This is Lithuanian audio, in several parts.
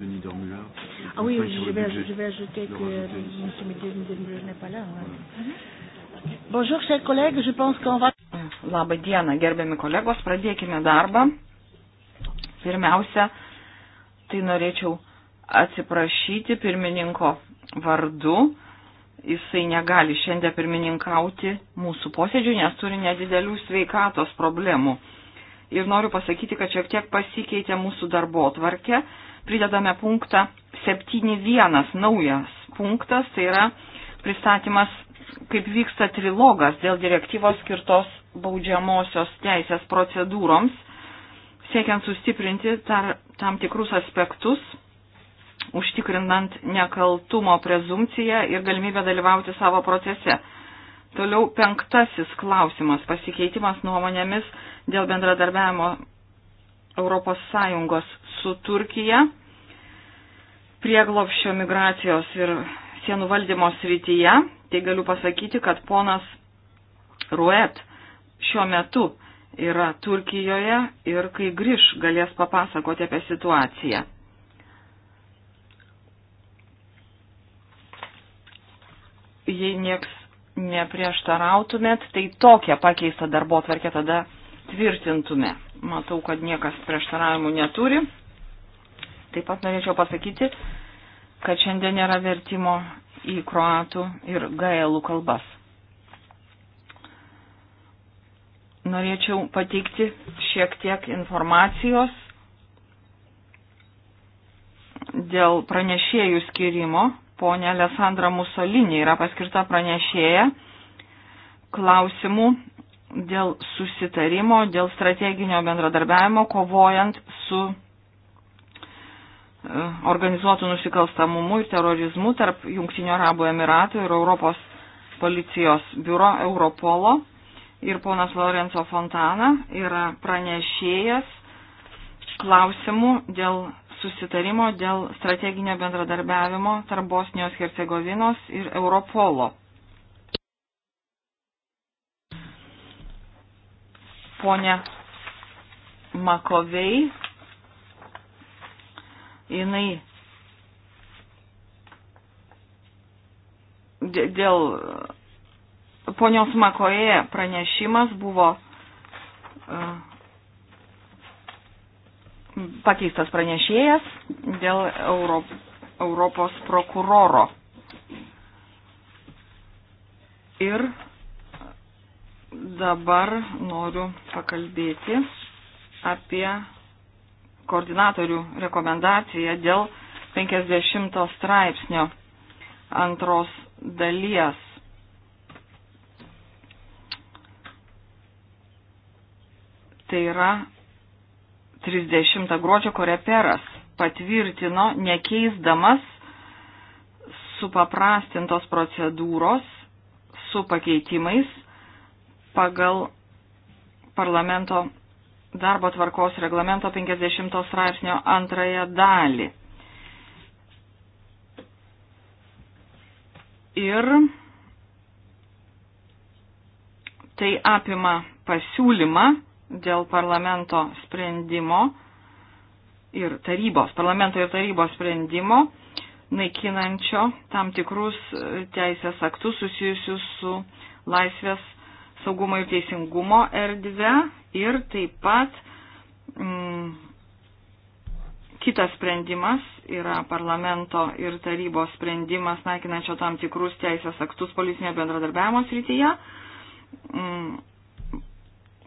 Denis Dormula. Ah oui, je vais, je vais ajouter que M. Euh, Dormula n'est pas là. Ouais. Mhm. Bonjour, chers collègues, je pense qu'on va. Labą dieną, gerbiami kolegos, pradėkime darbą. Pirmiausia, tai norėčiau atsiprašyti pirmininko vardu. Jisai negali šiandien pirmininkauti mūsų posėdžių, nes turi nedidelių sveikatos problemų ir noriu pasakyti, kad šiek tiek pasikeitė mūsų darbo tvarkė. Pridedame punktą 7.1, naujas punktas, tai yra pristatymas, kaip vyksta trilogas dėl direktyvos skirtos baudžiamosios teisės procedūroms, siekiant sustiprinti tar, tam tikrus aspektus, užtikrinant nekaltumo prezumciją ir galimybę dalyvauti savo procese. Toliau penktasis klausimas - pasikeitimas nuomonėmis dėl bendradarbiavimo ES su Turkija prieglopščio migracijos ir sienų valdymo srityje. Tai galiu pasakyti, kad ponas Ruet šiuo metu yra Turkijoje ir kai grįž galės papasakoti apie situaciją. Jei nieks neprieštarautumėt, tai tokią pakeistą darbo tvarkę tada tvirtintume. Matau, kad niekas prieštaravimų neturi. Taip pat norėčiau pasakyti, kad šiandien nėra vertimo į kroatų ir gaelų kalbas. Norėčiau pateikti šiek tiek informacijos dėl pranešėjų skirimo ponė Alessandra Musolinė yra paskirta pranešėja klausimų dėl susitarimo, dėl strateginio bendradarbiavimo, kovojant su e, organizuotų nusikalstamumu ir terorizmu tarp Junktinio Arabų Emiratų ir Europos policijos biuro Europolo. Ir ponas Lorenzo Fontana yra pranešėjas klausimų dėl susitarimo dėl strateginio bendradarbiavimo tarp Bosnijos Hercegovinos ir Europolo. Pone Makovei, jinai dėl ponios Makoje pranešimas buvo uh, pakeistas pranešėjas dėl Euro, Europos prokuroro. Ir dabar noriu pakalbėti apie koordinatorių rekomendaciją dėl 50 straipsnio antros dalies. Tai yra 30 gruodžio koreperas patvirtino nekeisdamas supaprastintos procedūros su pakeitimais pagal parlamento darbo tvarkos reglamento 50 straipsnio antrąją dalį. Ir tai apima pasiūlymą dėl parlamento sprendimo ir tarybos, parlamento ir tarybos sprendimo, naikinančio tam tikrus e, teisės aktus susijusius su laisvės saugumo ir teisingumo erdve ir taip pat mm, kitas sprendimas yra parlamento ir tarybos sprendimas naikinančio tam tikrus teisės aktus politinio bendradarbiavimo srityje. Mm,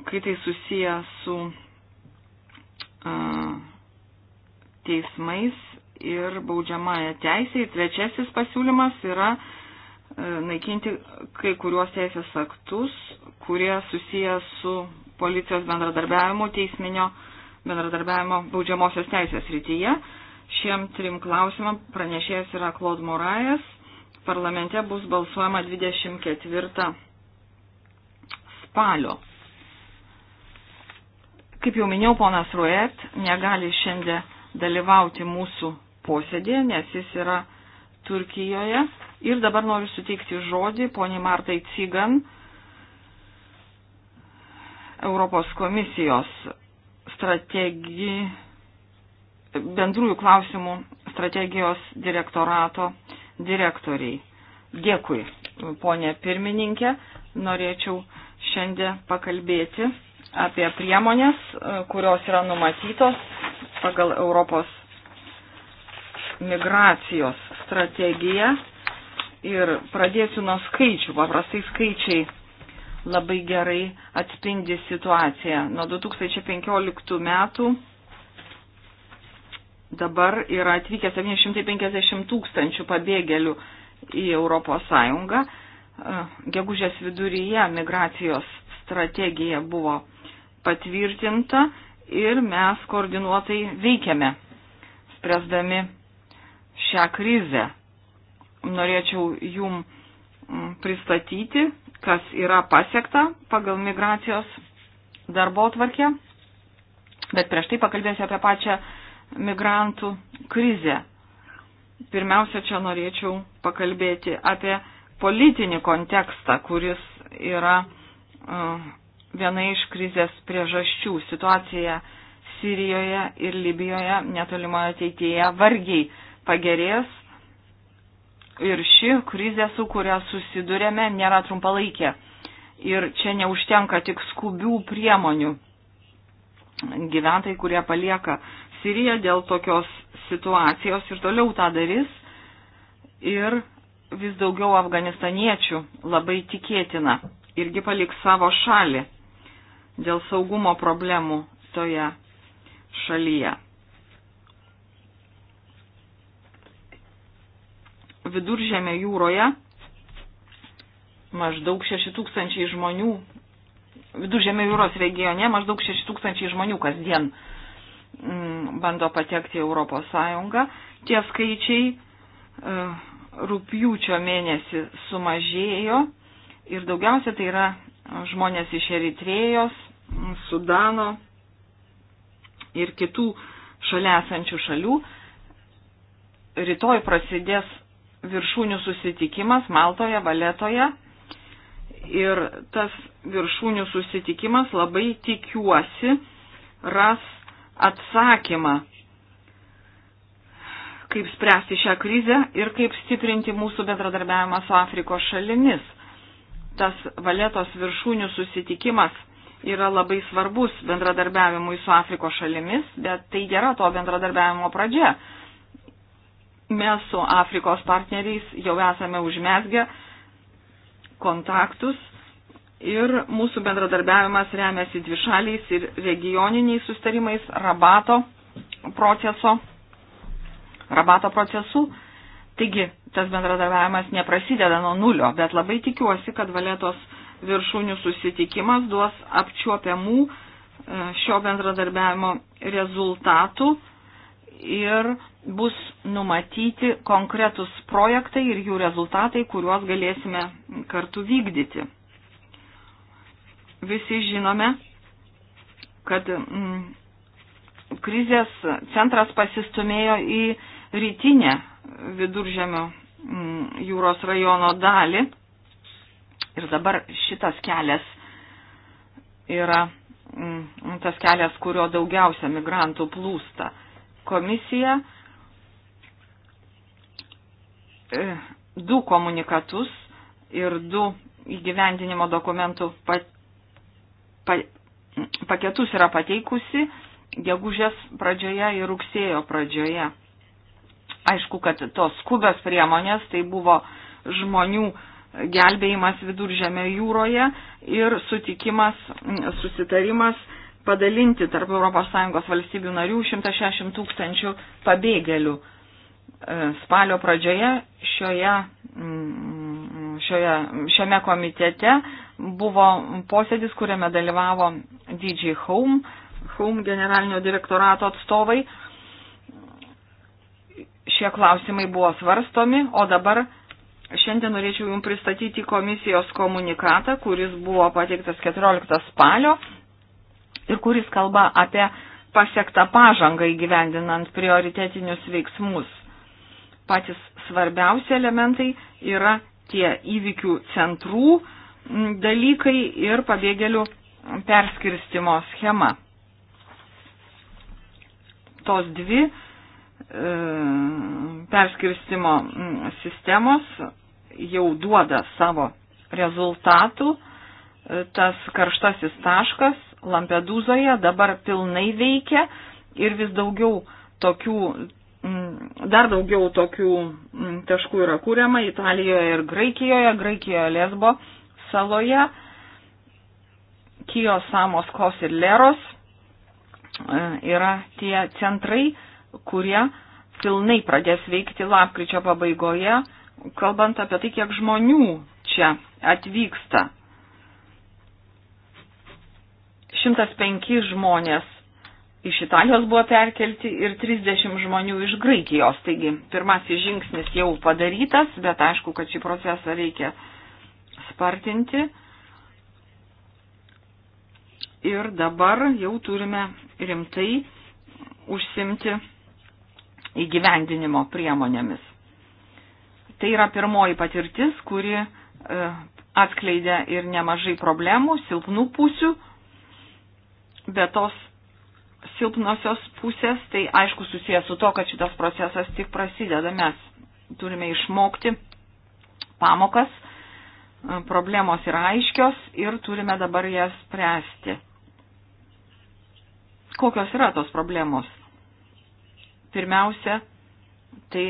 kai tai susiję su uh, teismais ir baudžiamąją teisę. Ir trečiasis pasiūlymas yra uh, naikinti kai kuriuos teisės aktus, kurie susiję su policijos bendradarbiavimu teisminio bendradarbiavimo baudžiamosios teisės rytyje. Šiem trim klausimam pranešėjas yra Claude Morajas. Parlamente bus balsuojama 24 spalio. Kaip jau minėjau, ponas Ruet negali šiandien dalyvauti mūsų posėdėje, nes jis yra Turkijoje. Ir dabar noriu suteikti žodį poniai Martai Cigan, Europos komisijos strategi, bendrųjų klausimų strategijos direktorato direktoriai. Dėkui, ponė pirmininkė. Norėčiau šiandien pakalbėti apie priemonės, e, kurios yra numatytos pagal Europos migracijos strategiją. Ir pradėsiu nuo skaičių. Paprastai skaičiai labai gerai atspindi situaciją. Nuo 2015 metų dabar yra atvykę 750 tūkstančių pabėgėlių į Europos Sąjungą. E, gegužės viduryje migracijos strategija buvo patvirtinta ir mes koordinuotai veikiame, spręsdami šią krizę. Norėčiau jum mm, pristatyti, kas yra pasiekta pagal migracijos darbo tvarkę, bet prieš tai pakalbėsiu apie pačią migrantų krizę. Pirmiausia, čia norėčiau pakalbėti apie politinį kontekstą, kuris yra uh, viena iš krizės priežasčių. Situacija Sirijoje ir Libijoje netolimoje ateityje vargiai pagerės ir ši krizė, su kuria susidurėme, nėra trumpalaikė. Ir čia neužtenka tik skubių priemonių. Gyventojai, kurie palieka Siriją dėl tokios situacijos ir toliau tą darys. Ir vis daugiau afganistaniečių labai tikėtina irgi paliks savo šalį dėl saugumo problemų toje šalyje. Viduržėme jūroje maždaug 6 tūkstančiai žmonių, viduržėme jūros regione maždaug 6 tūkstančiai žmonių kasdien mm, bando patekti į Europos Sąjungą. Tie skaičiai e, rūpjūčio mėnesį sumažėjo ir daugiausia tai yra žmonės iš Eritrėjos, Sudano ir kitų šalia esančių šalių. Rytoj prasidės viršūnių susitikimas Maltoje, Valetoje. Ir tas viršūnių susitikimas labai tikiuosi ras atsakymą, kaip spręsti šią krizę ir kaip stiprinti mūsų bendradarbiavimą su Afrikos šalimis. Tas Valetos viršūnių susitikimas yra labai svarbus bendradarbiavimui su Afrikos šalimis, bet tai yra to bendradarbiavimo pradžia. Mes su Afrikos partneriais jau esame užmesgę kontaktus ir mūsų bendradarbiavimas remiasi dvišaliais ir regioniniais sustarimais rabato proceso, rabato procesų. Taigi, tas bendradarbiavimas neprasideda nuo nulio, bet labai tikiuosi, kad Valetos viršūnių susitikimas duos apčiuopiamų e, šio bendradarbiavimo rezultatų ir bus numatyti konkretus projektai ir jų rezultatai, kuriuos galėsime kartu vykdyti. Visi žinome, kad mm, krizės centras pasistumėjo į rytinę viduržemio mm, jūros rajono dalį Ir dabar šitas kelias yra mm, tas kelias, kurio daugiausia migrantų plūsta. Komisija e, du komunikatus ir du įgyvendinimo dokumentų pa, pa, paketus yra pateikusi gegužės pradžioje ir rugsėjo pradžioje. Aišku, kad tos skubios priemonės tai buvo žmonių gelbėjimas viduržėme jūroje ir sutikimas, susitarimas padalinti tarp ES valstybių narių 160 tūkstančių pabėgėlių. E, spalio pradžioje šioje, šioje, šiame komitete buvo posėdis, kuriame dalyvavo DJ Home, Home generalinio direktorato atstovai. Šie klausimai buvo svarstomi, o dabar Šiandien norėčiau Jums pristatyti komisijos komunikatą, kuris buvo pateiktas 14 spalio ir kuris kalba apie pasiektą pažangą įgyvendinant prioritetinius veiksmus. Patys svarbiausi elementai yra tie įvykių centrų dalykai ir pabėgėlių perskirstimo schema. Tos dvi e, perskirstimo sistemos jau duoda savo rezultatų. E, tas karštasis taškas Lampedūzoje dabar pilnai veikia ir vis daugiau tokių, dar daugiau tokių taškų yra kūriama Italijoje ir Graikijoje, Graikijoje Lesbo saloje, Kijos, Samos, Kos ir Leros e, yra tie centrai, kurie pilnai pradės veikti lapkričio pabaigoje kalbant apie tai, kiek žmonių čia atvyksta. 105 žmonės iš Italijos buvo perkelti ir 30 žmonių iš Graikijos. Taigi, pirmasis žingsnis jau padarytas, bet aišku, kad šį procesą reikia spartinti. Ir dabar jau turime rimtai užsimti įgyvendinimo priemonėmis. Tai yra pirmoji patirtis, kuri e, atskleidė ir nemažai problemų, silpnų pusių, bet tos silpnosios pusės, tai aišku susijęs su to, kad šitas procesas tik prasideda, mes turime išmokti pamokas, e, problemos yra aiškios ir turime dabar jas spręsti. Kokios yra tos problemos? Pirmiausia, tai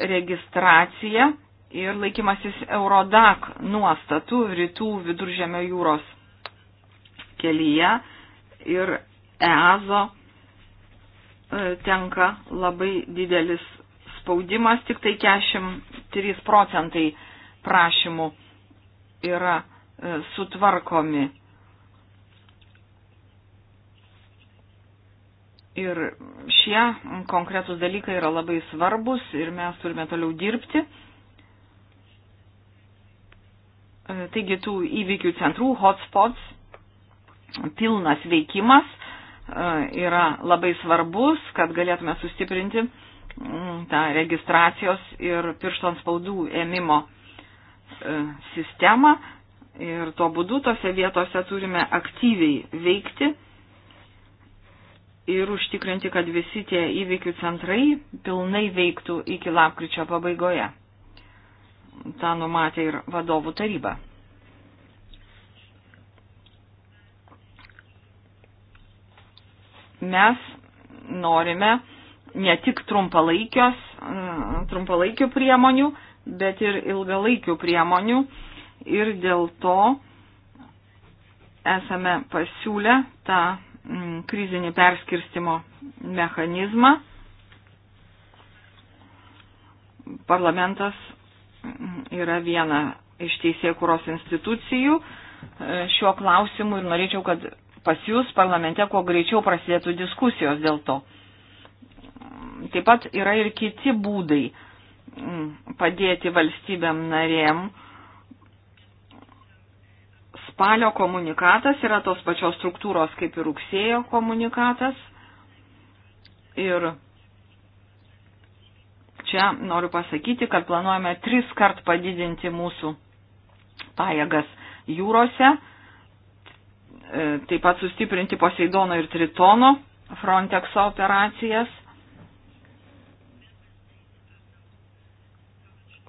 registracija ir laikymasis Eurodak nuostatų rytų viduržėmio jūros kelyje ir EASO e, tenka labai didelis spaudimas, tik tai 43 procentai prašymų yra e, sutvarkomi. Ir šie konkretūs dalykai yra labai svarbus ir mes turime toliau dirbti. E, taigi tų įvykių centrų, hotspots, pilnas veikimas e, yra labai svarbus, kad galėtume sustiprinti mm, tą registracijos ir piršto ant spaudų ėmimo e, sistemą. Ir tuo būdu tose vietose turime aktyviai veikti ir užtikrinti, kad visi tie įvykių centrai pilnai veiktų iki lapkričio pabaigoje. Ta numatė ir vadovų taryba. Mes norime ne tik mm, trumpalaikių priemonių, bet ir ilgalaikių priemonių ir dėl to esame pasiūlę tą krizinį perskirstimo mechanizmą. Parlamentas yra viena iš teisėkuros institucijų e, šiuo klausimu ir norėčiau, kad pas jūs parlamente kuo greičiau prasidėtų diskusijos dėl to. Taip pat yra ir kiti būdai padėti valstybėm narėm Spalio komunikatas yra tos pačios struktūros kaip ir rugsėjo komunikatas. Ir čia noriu pasakyti, kad planuojame tris kart padidinti mūsų pajėgas jūrose, e, taip pat sustiprinti Poseidono ir Tritono Frontexo operacijas.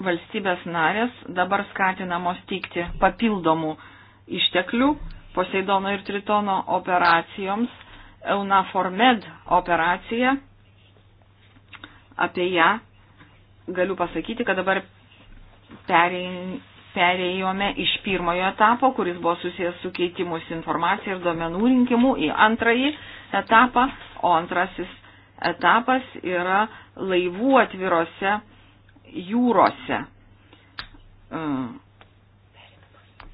Valstybės narės dabar skatinamos teikti papildomų išteklių Poseidono ir Tritono operacijoms, Eunaformed operacija, apie ją galiu pasakyti, kad dabar perėjome iš pirmojo etapo, kuris buvo susijęs su keitimus informacija ir duomenų rinkimu, į antrąjį etapą, o antrasis etapas yra laivų atvirose jūrose hm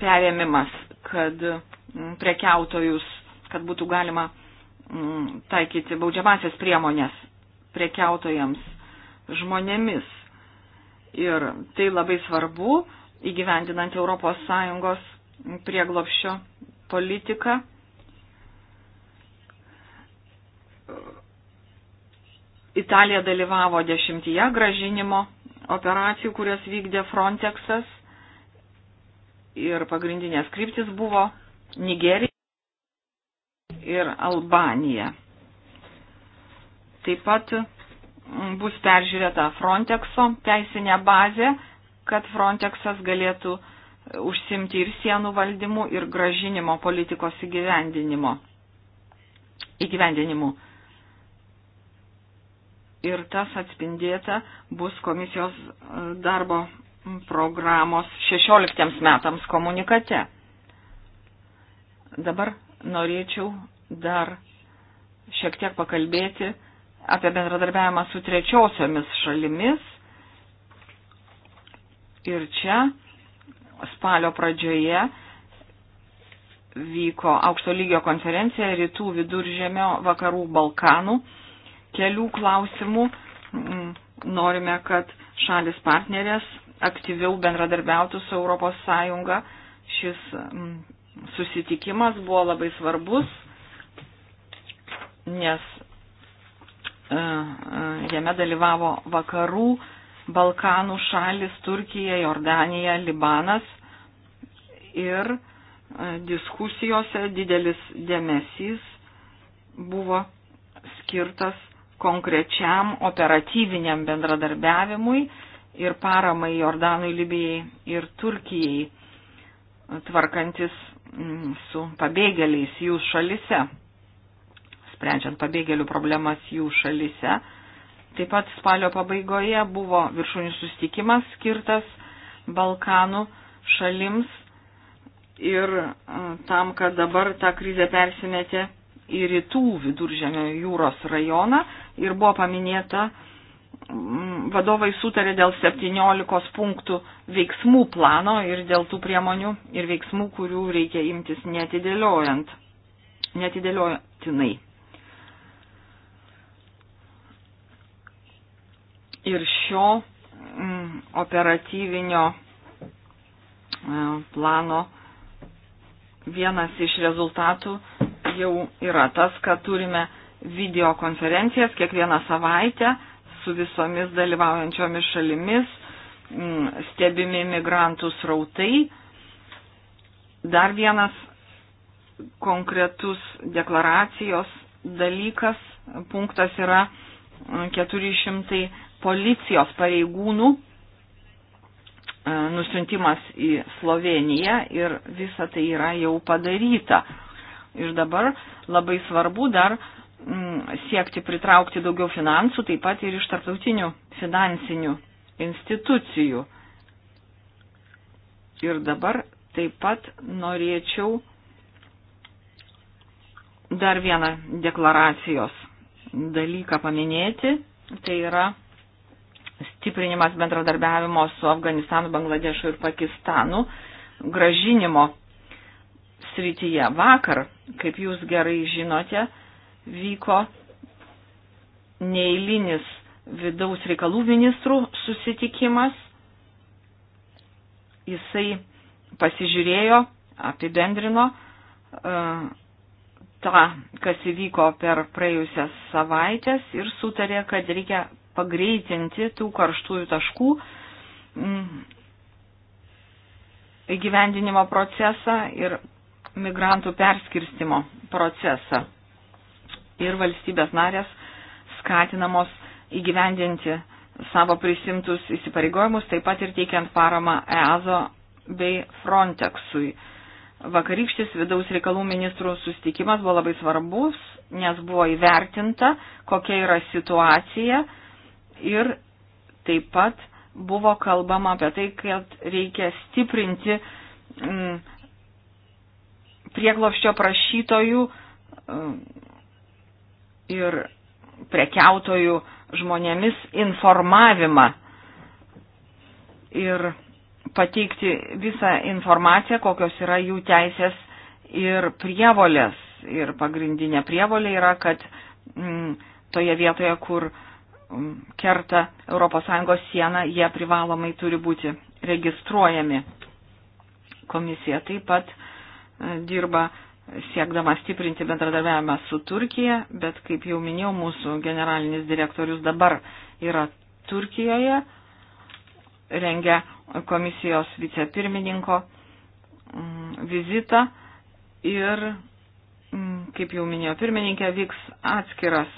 perėmimas, kad mm, prekiautojus, kad būtų galima mm, taikyti baudžiamasias priemonės prekiautojams žmonėmis. Ir tai labai svarbu įgyvendinant ES prieglopščio politiką. Italija dalyvavo dešimtyje gražinimo operacijų, kurias vykdė Frontexas ir pagrindinės kryptis buvo Nigerija ir Albanija. Taip pat mm, bus peržiūrėta Frontexo teisinė bazė, kad Frontexas galėtų e, užsimti ir sienų valdymų, ir gražinimo politikos įgyvendinimo. įgyvendinimu. Ir tas atspindėta bus komisijos e, darbo programos 16 metams komunikate. Dabar norėčiau dar šiek tiek pakalbėti apie bendradarbiavimą su trečiosiomis šalimis. Ir čia spalio pradžioje vyko aukšto lygio konferencija rytų viduržėmio vakarų Balkanų kelių klausimų. Mm, norime, kad šalis partnerės aktyviau bendradarbiautų su ES. Šis mm, susitikimas buvo labai svarbus, nes e, e, jame dalyvavo vakarų, Balkanų šalis, Turkija, Jordanija, Libanas ir e, diskusijose didelis dėmesys buvo skirtas konkrečiam operatyviniam bendradarbiavimui ir paramai Jordanui, Libijai ir Turkijai, tvarkantis mm, su pabėgėliais jų šalise, sprendžiant pabėgėlių problemas jų šalise. Taip pat spalio pabaigoje buvo viršūnių sustikimas skirtas Balkanų šalims ir tam, kad dabar ta krizė persimetė į rytų viduržėmio jūros rajoną ir buvo paminėta Mm, vadovai sutarė dėl 17 punktų veiksmų plano ir dėl tų priemonių ir veiksmų, kurių reikia imtis netidėliojant, netidėliojantinai. Ir šio mm, operatyvinio mm, plano vienas iš rezultatų jau yra tas, kad turime videokonferencijas kiekvieną savaitę su visomis dalyvaujančiomis šalimis, mm, stebimi migrantų srautai. Dar vienas konkretus deklaracijos dalykas, punktas yra 400 mm, policijos pareigūnų e, nusintimas į Sloveniją ir visa tai yra jau padaryta. Ir dabar labai svarbu dar uh, Mm, siekti pritraukti daugiau finansų, taip pat ir iš tarptautinių finansinių institucijų. Ir dabar taip pat norėčiau dar vieną deklaracijos dalyką paminėti. Tai yra stiprinimas bendradarbiavimo su Afganistanu, Bangladešu ir Pakistanu gražinimo srityje. Vakar, kaip jūs gerai žinote, vyko neįlinis vidaus reikalų ministrų susitikimas. Jisai pasižiūrėjo, apibendrino uh, tą, kas įvyko per praėjusias savaitės ir sutarė, kad reikia pagreitinti tų karštųjų taškų mm, įgyvendinimo procesą ir migrantų perskirstimo procesą ir valstybės narės skatinamos įgyvendinti savo prisimtus įsipareigojimus, taip pat ir teikiant paramą EASO bei Frontexui. Vakarykštis vidaus reikalų ministrų sustikimas buvo labai svarbus, nes buvo įvertinta, kokia yra situacija ir taip pat buvo kalbama apie tai, kad reikia stiprinti mm, prieglopščio prašytojų mm, ir prekiautojų žmonėmis informavimą ir pateikti visą informaciją, kokios yra jų teisės ir prievolės. Ir pagrindinė prievolė yra, kad m, mm, toje vietoje, kur m, mm, kerta ES sieną, jie privalomai turi būti registruojami. Komisija taip pat e, dirba siekdama stiprinti bendradarbiavimą su Turkija, bet kaip jau minėjau, mūsų generalinis direktorius dabar yra Turkijoje, rengia komisijos vicepirmininko mm, vizitą ir, mm, kaip jau minėjo pirmininkė, vyks atskiras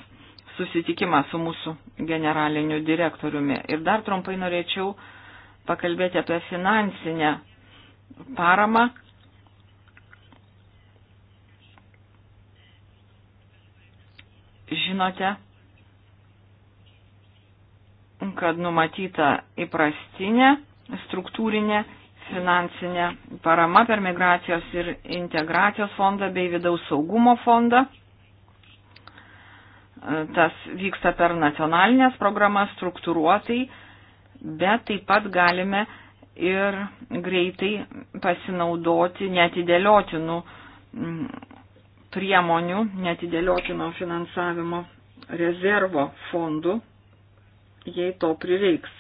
susitikimas su mūsų generaliniu direktoriumi. Ir dar trumpai norėčiau pakalbėti apie finansinę paramą žinote, kad numatyta įprastinė struktūrinė finansinė parama per migracijos ir integracijos fondą bei vidaus saugumo fondą. Tas vyksta per nacionalinės programas struktūruotai, bet taip pat galime ir greitai pasinaudoti netidėliotinų priemonių netidėliotino finansavimo rezervo fondų, jei to prireiks.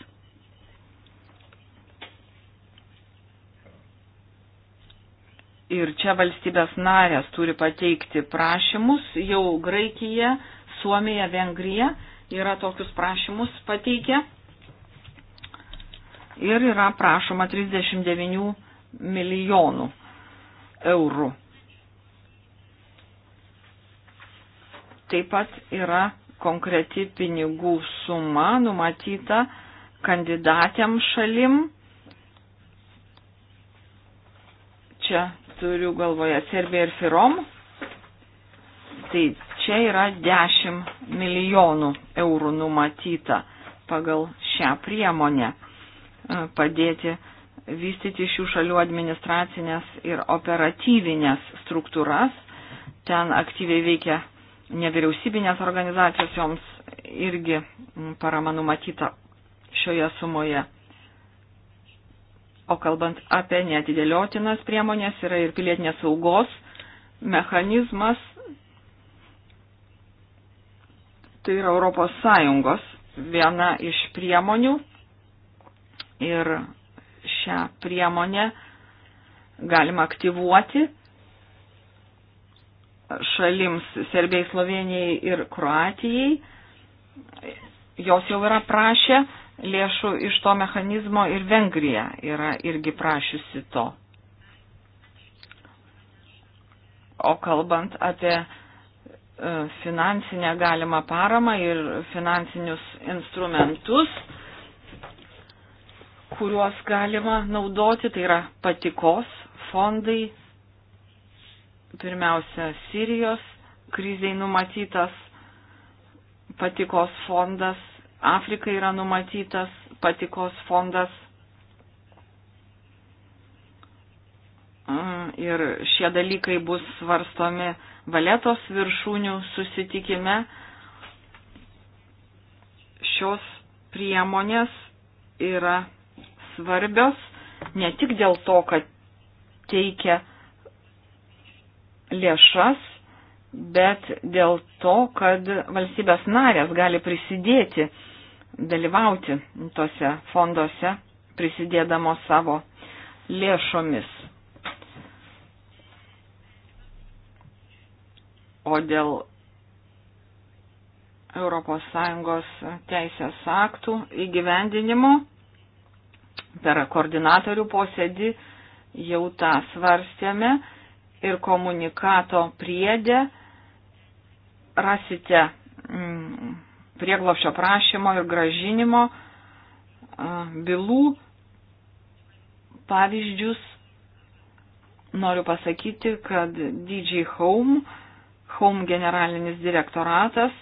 Ir čia valstybės narės turi pateikti prašymus, jau Graikija, Suomija, Vengrija yra tokius prašymus pateikę. Ir yra prašoma 39 milijonų eurų Taip pat yra konkreti pinigų suma numatyta kandidatėm šalim. Čia turiu galvoje Serbiją ir Firom. Tai čia yra 10 milijonų eurų numatyta pagal šią priemonę e, padėti vystyti šių šalių administracinės ir operatyvinės struktūras. Ten aktyviai veikia nevyriausybinės organizacijos, joms irgi mm, parama numatyta šioje sumoje. O kalbant apie netidėliotinas priemonės, yra ir pilietinės saugos mechanizmas. Tai yra Europos Sąjungos viena iš priemonių. Ir šią priemonę galima aktyvuoti šalims Serbijai, Slovenijai ir Kroatijai. Jos jau yra prašę lėšų iš to mechanizmo ir Vengrija yra irgi prašiusi to. O kalbant apie e, finansinę galimą paramą ir finansinius instrumentus, kuriuos galima naudoti, tai yra patikos fondai, Pirmiausia, Sirijos kriziai numatytas patikos fondas, Afrikai yra numatytas patikos fondas. Mm, ir šie dalykai bus svarstomi valetos viršūnių susitikime. Šios priemonės yra svarbios ne tik dėl to, kad teikia lėšas, bet dėl to, kad valstybės narės gali prisidėti, dalyvauti tose fondose, prisidėdamos savo lėšomis. O dėl ES teisės aktų įgyvendinimo per koordinatorių posėdį jau tą svarstėme ir komunikato priedė rasite mm, prieglopšio prašymo ir gražinimo bylų pavyzdžius. Noriu pasakyti, kad DJ Home, Home generalinis direktoratas,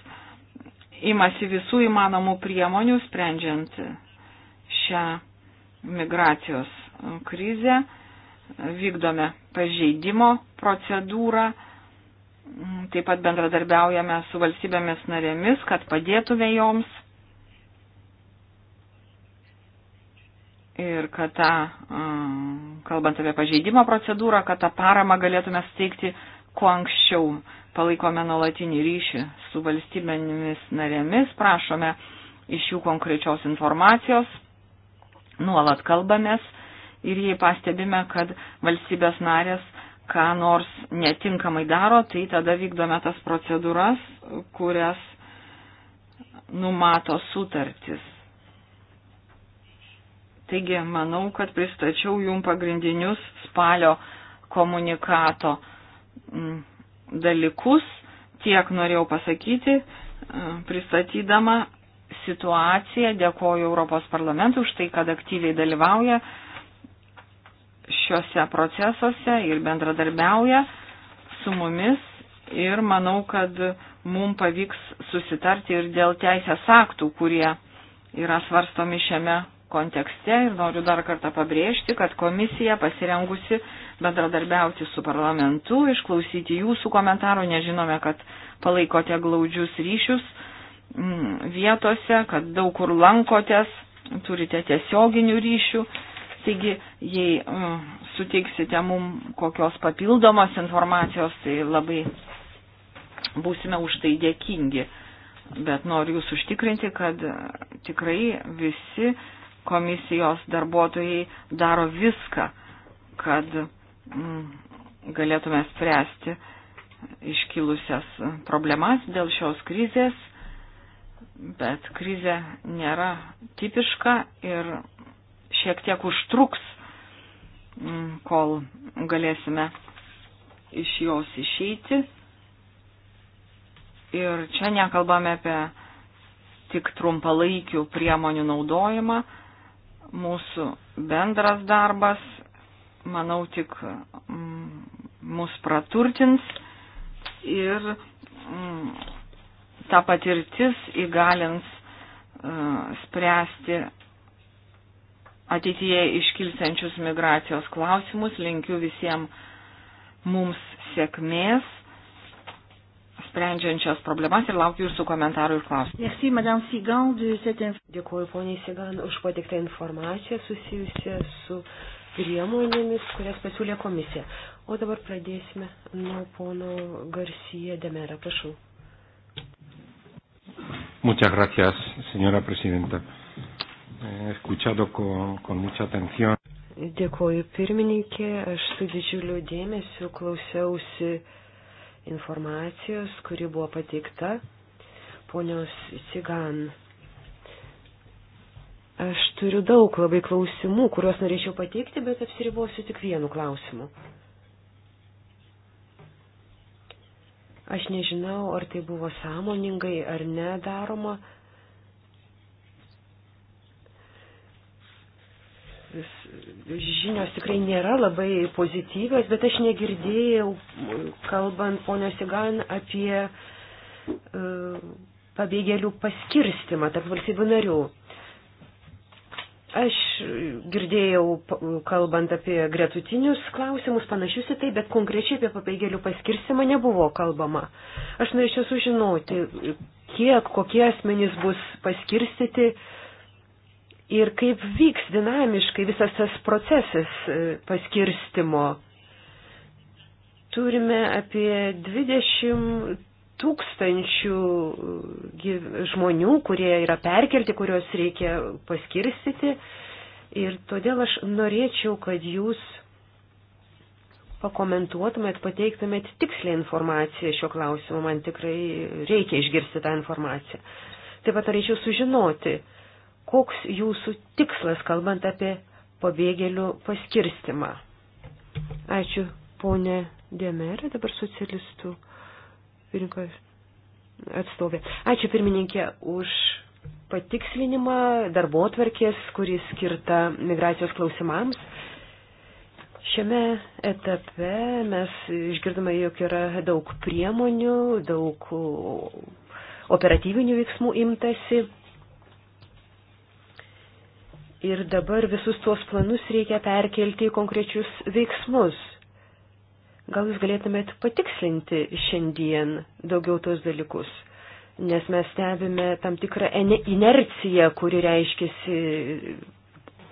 imasi visų įmanomų priemonių sprendžiant šią migracijos krizę vykdome pažeidimo procedūrą, taip pat bendradarbiaujame su valstybėmis narėmis, kad padėtume joms ir kad tą, kalbant apie pažeidimo procedūrą, kad tą paramą galėtume steigti kuo anksčiau. Palaikome nuolatinį ryšį su valstybėmis narėmis, prašome iš jų konkrečios informacijos, nuolat kalbamės ir jei pastebime, kad valstybės narės ką nors netinkamai daro, tai tada vykdome tas procedūras, kurias numato sutartis. Taigi, manau, kad pristačiau jum pagrindinius spalio komunikato mm, dalykus. Tiek norėjau pasakyti, mm, pristatydama situaciją. Dėkoju Europos parlamentui už tai, kad aktyviai dalyvauja šiuose procesuose ir bendradarbiauja su mumis ir manau, kad mums pavyks susitarti ir dėl teisės aktų, kurie yra svarstomi šiame kontekste ir noriu dar kartą pabrėžti, kad komisija pasirengusi bendradarbiauti su parlamentu, išklausyti jūsų komentarų, nežinome, kad palaikote glaudžius ryšius mm, vietose, kad daug kur lankotės, turite tiesioginių ryšių Taigi, jei mm, suteiksite mum kokios papildomos informacijos, tai labai būsime už tai dėkingi. Bet noriu Jūs užtikrinti, kad tikrai visi komisijos darbuotojai daro viską, kad mm, galėtume spręsti iškilusias problemas dėl šios krizės, bet krizė nėra tipiška ir šiek tiek užtruks, mm, kol galėsime iš jos išeiti. Ir čia nekalbame apie tik trumpalaikių priemonių naudojimą. Mūsų bendras darbas, manau, tik mm, mus praturtins ir mm, ta patirtis įgalins e, spręsti ateityje iškilsiančius migracijos klausimus. Linkiu visiems mums sėkmės sprendžiančios problemas ir laukiu jūsų komentarų ir klausimų. Merci, Madame Sigan, de cette... Dėkuoju, poniai Sigan, už patiktą informaciją susijusią su priemonėmis, kurias pasiūlė komisija. O dabar pradėsime nuo pono Garcija Demera, prašau. Muchas gracias, señora presidenta escuchado con, con mucha atención. Dėkuoju pirmininkė, aš su didžiuliu dėmesiu klausiausi informacijos, kuri buvo pateikta ponios Sigan. Aš turiu daug labai klausimų, kuriuos norėčiau pateikti, bet apsiribosiu tik vienu klausimu. Aš nežinau, ar tai buvo sąmoningai ar nedaroma. daroma žinios tikrai nėra labai pozityvios, bet aš negirdėjau, kalbant ponios Igan, apie e, pabėgėlių paskirstimą tarp valstybių narių. Aš girdėjau, kalbant apie gretutinius klausimus, panašius į tai, bet konkrečiai apie pabėgėlių paskirstimą nebuvo kalbama. Aš norėčiau sužinoti, kiek, kokie asmenys bus paskirstyti, uh, ir kaip vyks dinamiškai visas tas procesas e, paskirstimo. Turime apie 20 tūkstančių e, žmonių, kurie yra perkelti, kuriuos reikia paskirstyti. Ir todėl aš norėčiau, kad jūs pakomentuotumėt, pateiktumėt tikslę informaciją šio klausimu. Man tikrai reikia išgirsti tą informaciją. Taip pat norėčiau sužinoti, uh, koks jūsų tikslas, kalbant apie pabėgėlių paskirstimą. Ačiū, ponė Dėmerė, dabar socialistų rinkos atstovė. Ačiū pirmininkė už patikslinimą darbo atverkės, kuris skirta migracijos klausimams. Šiame etape mes išgirdome, jog yra daug priemonių, daug operatyvinių veiksmų imtasi. Ir dabar visus tuos planus reikia perkelti į konkrečius veiksmus. Gal jūs galėtumėt patikslinti šiandien daugiau tuos dalykus, nes mes stebime tam tikrą inerciją, kuri reiškėsi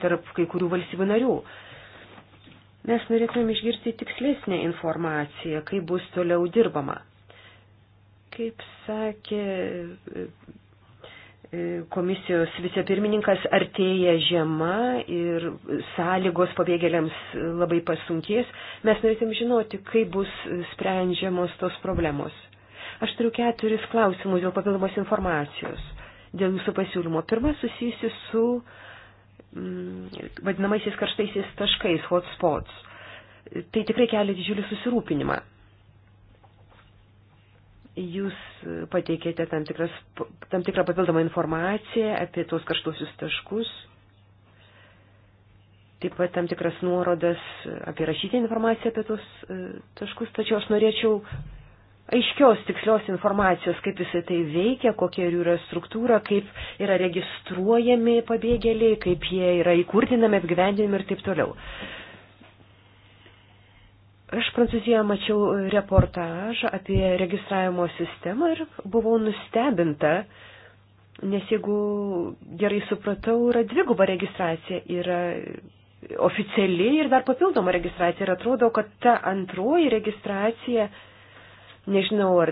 tarp kai kurių valstybių narių. Mes norėtumėm išgirsti tikslesnę informaciją, kaip bus toliau dirbama. Kaip sakė E, komisijos vicepirmininkas artėja žiema ir sąlygos pabėgėliams labai pasunkės. Mes norėtum žinoti, kaip bus sprendžiamos tos problemos. Aš turiu keturis klausimus dėl papildomos informacijos, dėl jūsų pasiūlymo. Pirmas susijusi su mm, vadinamaisiais karštaisiais taškais, hotspots. Tai tikrai kelia didžiulį susirūpinimą. Jūs pateikėte tam, tikras, tam tikrą papildomą informaciją apie tuos karštuosius taškus, taip pat tam tikras nuorodas apie rašytinę informaciją apie tuos e, taškus, tačiau aš norėčiau aiškios, tikslios informacijos, kaip visai tai veikia, kokia yra struktūra, kaip yra registruojami pabėgėliai, kaip jie yra įkurdinami, apgyvendinami ir taip toliau. Aš Prancūzijoje mačiau reportažą apie registravimo sistemą ir buvau nustebinta, nes jeigu gerai supratau, yra dviguba registracija, yra oficiali ir dar papildoma registracija ir atrodo, kad ta antroji registracija, nežinau, ar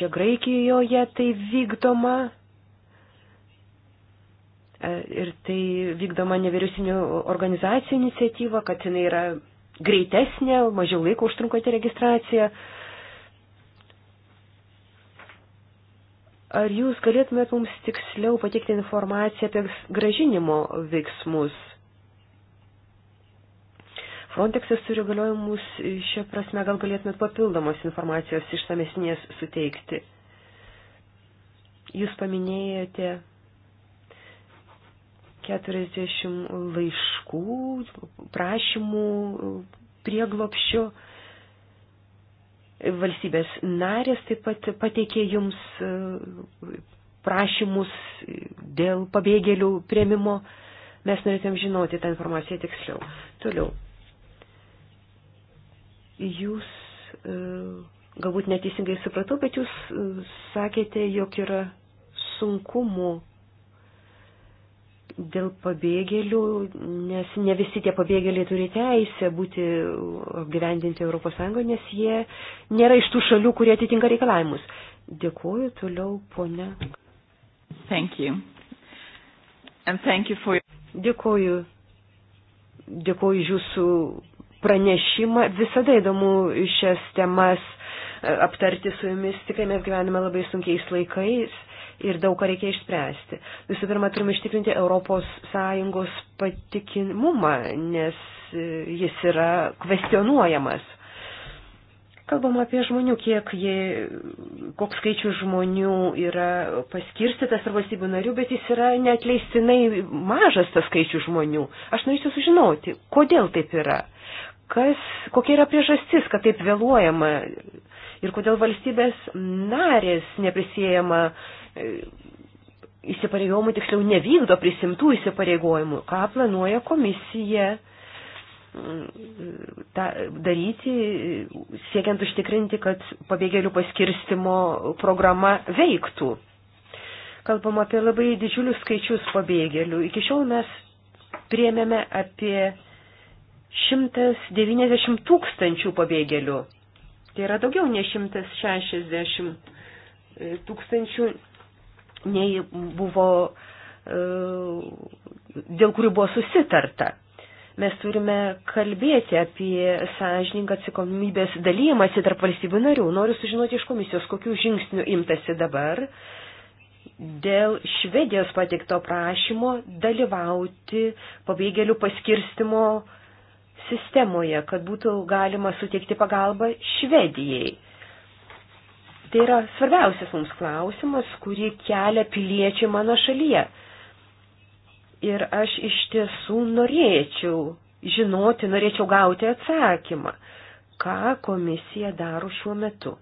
čia Graikijoje tai vykdoma, e, ir tai vykdoma nevyriausinių organizacijų iniciatyva, kad jinai yra greitesnė, mažiau laiko užtrunkote registraciją. Ar jūs galėtumėt mums tiksliau pateikti informaciją apie gražinimo veiksmus? Frontexas turi galiojimus, šią prasme gal galėtumėt papildomos informacijos išsamesnės suteikti. Jūs paminėjote 40 laiškų, prašymų prieglopščių. Valstybės narės taip pat pateikė jums e, prašymus dėl pabėgėlių prieimimo. Mes norėtum žinoti tą informaciją tiksliau. Toliau. Jūs e, galbūt neteisingai supratau, bet jūs e, sakėte, jog yra sunkumų dėl pabėgėlių, nes ne visi tie pabėgėliai turi teisę būti apgyvendinti ES, nes jie nėra iš tų šalių, kurie atitinka reikalavimus. Dėkuoju toliau, ponė. Thank you. And thank you for... Dėkuoju. Dėkuoju jūsų pranešimą. Visada įdomu šias temas e, aptarti su jumis. Tikrai mes gyvename labai sunkiais laikais ir daug ką reikia išspręsti. Visų pirma, turime ištikrinti ES patikimumą, nes e, jis yra kvestionuojamas. Kalbam apie žmonių, kiek jie, koks skaičius žmonių yra paskirstytas ar valstybių narių, bet jis yra netleistinai mažas tas skaičius žmonių. Aš norėčiau sužinoti, kodėl taip yra, kas, kokia yra priežastis, kad taip vėluojama ir kodėl valstybės narės neprisėjama uh, E, įsipareigojimų, tiksliau nevykdo prisimtų įsipareigojimų, ką planuoja komisija ta, daryti, siekiant užtikrinti, kad pabėgėlių paskirstimo programa veiktų. Kalbam apie labai didžiulius skaičius pabėgėlių. Iki šiol mes priemėme apie 190 tūkstančių pabėgėlių. Tai yra daugiau nei 160 e, tūkstančių nei buvo, e, dėl kurių buvo susitarta. Mes turime kalbėti apie sąžininką atsakomybės dalymąsi tarp valstybių narių. Noriu sužinoti iš komisijos, kokių žingsnių imtasi dabar dėl Švedijos pateikto prašymo dalyvauti pabėgėlių paskirstimo sistemoje, kad būtų galima suteikti pagalbą Švedijai. Tai yra svarbiausias mums klausimas, kurį kelia piliečiai mano šalyje. Ir aš iš tiesų norėčiau žinoti, norėčiau gauti atsakymą, ką komisija daro šiuo metu.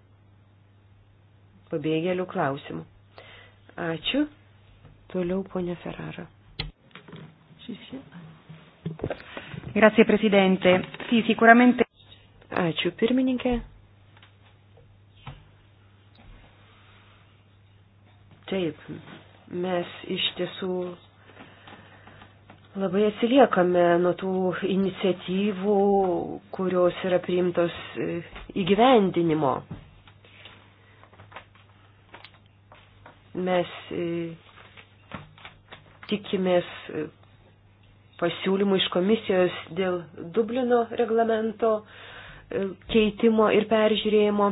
Pabėgėlių klausimų. Ačiū. Toliau ponia Ferrara. Grazie Presidente. Sì, sicuramente. Ačiū pirmininkė. Taip, mes iš tiesų labai atsiliekame nuo tų iniciatyvų, kurios yra priimtos įgyvendinimo. Mes e, tikimės pasiūlymų iš komisijos dėl Dublino reglamento e, keitimo ir peržiūrėjimo.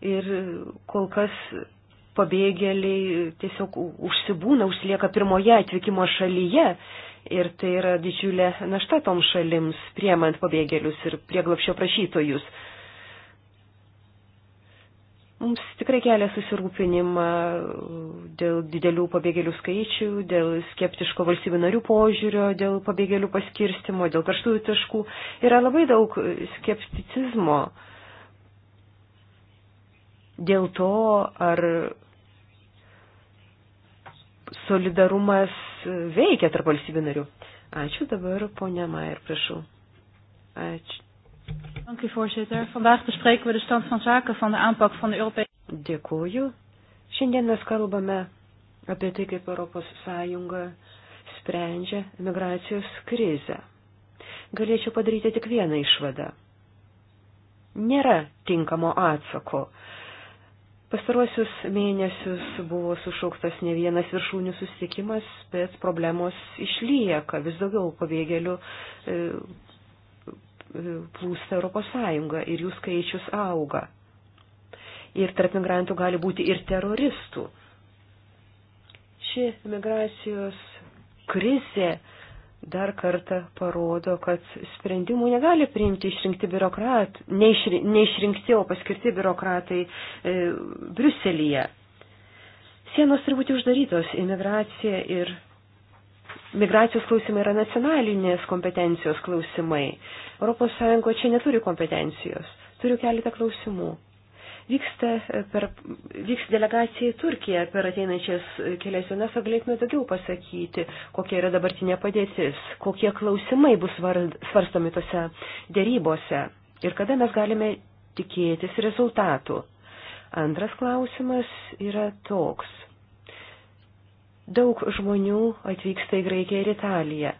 ir kol kas pabėgėliai tiesiog užsibūna, užsilieka pirmoje atvykimo šalyje. Ir tai yra didžiulė našta toms šalims, priemant pabėgėlius ir prieglapšio prašytojus. Mums tikrai kelia susirūpinimą dėl didelių pabėgėlių skaičių, dėl skeptiško valstybių narių požiūrio, dėl pabėgėlių paskirstimo, dėl karštųjų taškų. Yra labai daug skepticizmo uh, dėl to, ar solidarumas veikia tarp valstybių narių. Ačiū dabar, ponia Maier, prašau. Ačiū. Dank u, voorzitter. Vandaag bespreken we de stand van zaken van de aanpak van de Europese. Dėkuoju. Šiandien mes kalbame apie tai, kaip Europos Sąjunga sprendžia migracijos krizę. Galėčiau padaryti tik vieną išvadą. Nėra tinkamo atsako Pastaruosius mėnesius buvo sušauktas ne vienas viršūnių susitikimas, bet problemos išlieka, vis daugiau pabėgėlių e, e, plūsta Europos Sąjunga ir jų skaičius auga. Ir tarp migrantų gali būti ir teroristų. Ši migracijos krizė dar kartą parodo, kad sprendimų negali priimti išrinkti biurokratai, neišri, neišrinkti, o paskirti biurokratai e, Briuselyje. Sienos turi būti uždarytos, imigracija ir migracijos klausimai yra nacionalinės kompetencijos klausimai. ES čia neturi kompetencijos. Turiu keletą klausimų vyksta, e, per, vyks delegacija į Turkiją per ateinančias kelias dienas, o galėtume daugiau pasakyti, kokia yra dabartinė padėtis, kokie klausimai bus svarstomi tose dėrybose ir kada mes galime tikėtis rezultatų. Antras klausimas yra toks. Daug žmonių atvyksta į Graikiją ir Italiją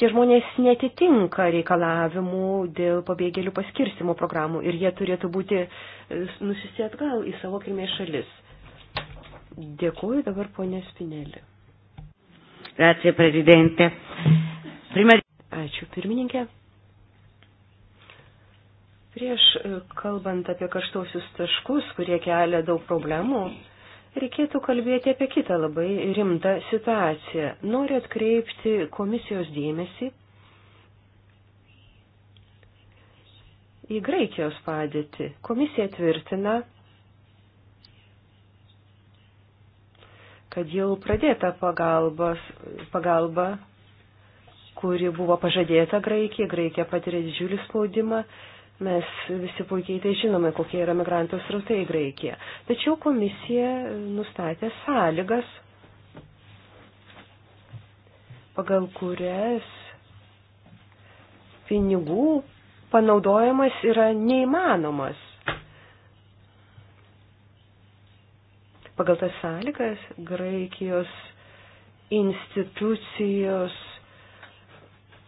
tie žmonės netitinka reikalavimų dėl pabėgėlių paskirstimo programų ir jie turėtų būti e, nusisti atgal į savo kilmės šalis. Dėkuoju dabar ponė Spinelį. Grazie, prezidente. Prima... Ačiū, pirmininkė. Prieš e, kalbant apie karštosius taškus, kurie kelia daug problemų, Reikėtų kalbėti apie kitą labai rimtą situaciją. Noriu atkreipti komisijos dėmesį į Graikijos padėtį. Komisija tvirtina, kad jau pradėta pagalbas, pagalba, kuri buvo pažadėta Graikijai, Graikija patiria didžiulį spaudimą, Mes visi puikiai tai žinome, kokie yra migrantų srautai į Graikiją. Tačiau komisija nustatė sąlygas, pagal kurias pinigų panaudojimas yra neįmanomas. Pagal tas sąlygas Graikijos institucijos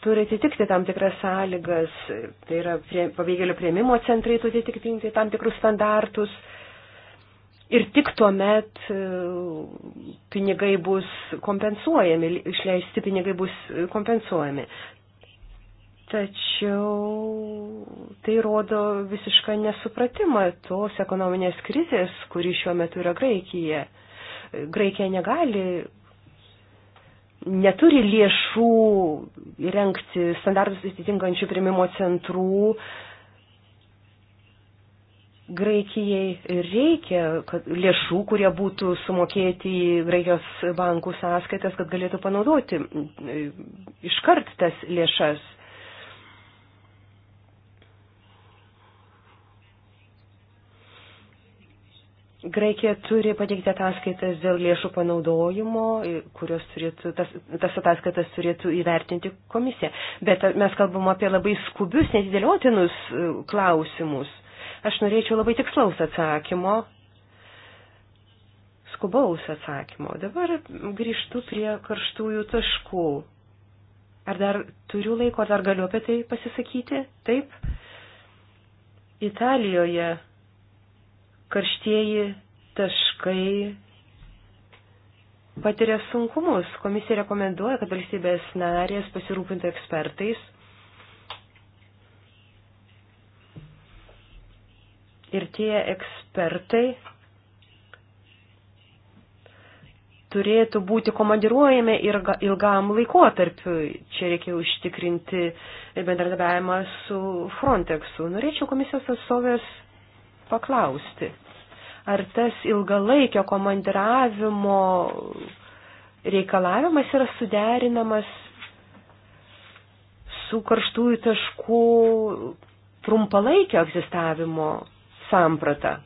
turi atitikti tam tikras sąlygas, tai yra prie, pabėgėlių prieimimo centrai turi atitikti tam tikrus standartus. Ir tik tuo met e, pinigai bus kompensuojami, išleisti pinigai bus kompensuojami. Tačiau tai rodo visišką nesupratimą tos ekonominės krizės, kuri šiuo metu yra Graikija. Graikija negali neturi lėšų įrengti standartus atitinkančių primimo centrų, Graikijai reikia kad, lėšų, kurie būtų sumokėti į Graikijos bankų sąskaitas, kad galėtų panaudoti iškart tas lėšas. Graikija turi pateikti ataskaitas dėl lėšų panaudojimo, kurios turėtų, tas, tas ataskaitas turėtų įvertinti komisija. Bet mes kalbam apie labai skubius, netidėliotinus e, klausimus. Aš norėčiau labai tikslaus atsakymo, skubaus atsakymo. Dabar grįžtu prie karštųjų taškų. Ar dar turiu laiko, ar dar galiu apie tai pasisakyti? Taip. Italijoje karštieji taškai patiria sunkumus. Komisija rekomenduoja, kad valstybės narės pasirūpintų ekspertais ir tie ekspertai turėtų būti komandiruojami ilgam laikotarpiu. Čia reikia užtikrinti bendradarbiavimą su Frontexu. Norėčiau komisijos atstovės paklausti, ar tas ilgalaikio komandiravimo reikalavimas yra suderinamas su karštųjų taškų trumpalaikio egzistavimo samprata.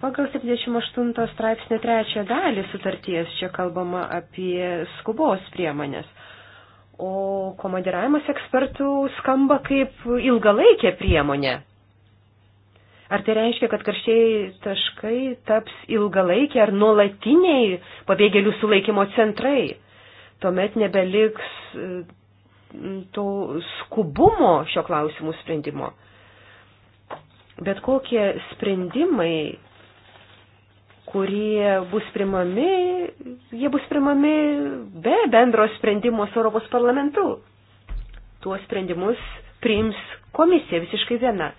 Pagal 78 straipsnio trečią dalį sutarties čia kalbama apie skubos priemonės, o komandiravimas ekspertų skamba kaip ilgalaikė priemonė. Ar tai reiškia, kad karštieji taškai taps ilgalaikiai ar nuolatiniai pabėgėlių sulaikymo centrai? Tuomet nebeliks e, to skubumo šio klausimų sprendimo. Bet kokie sprendimai, kurie bus primami, jie bus primami be bendro sprendimo su Europos parlamentu. Tuos sprendimus priims komisija visiškai viena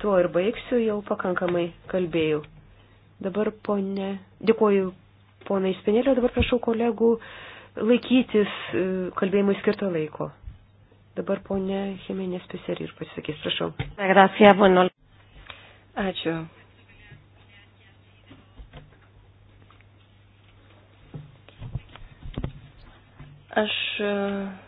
tuo ir baigsiu, jau pakankamai kalbėjau. Dabar ponė, dėkuoju ponai Spinelio, dabar prašau kolegų laikytis e, kalbėjimui skirto laiko. Dabar ponė Cheminės Piserį ir pasisakys, prašau. Ačiū. Aš uh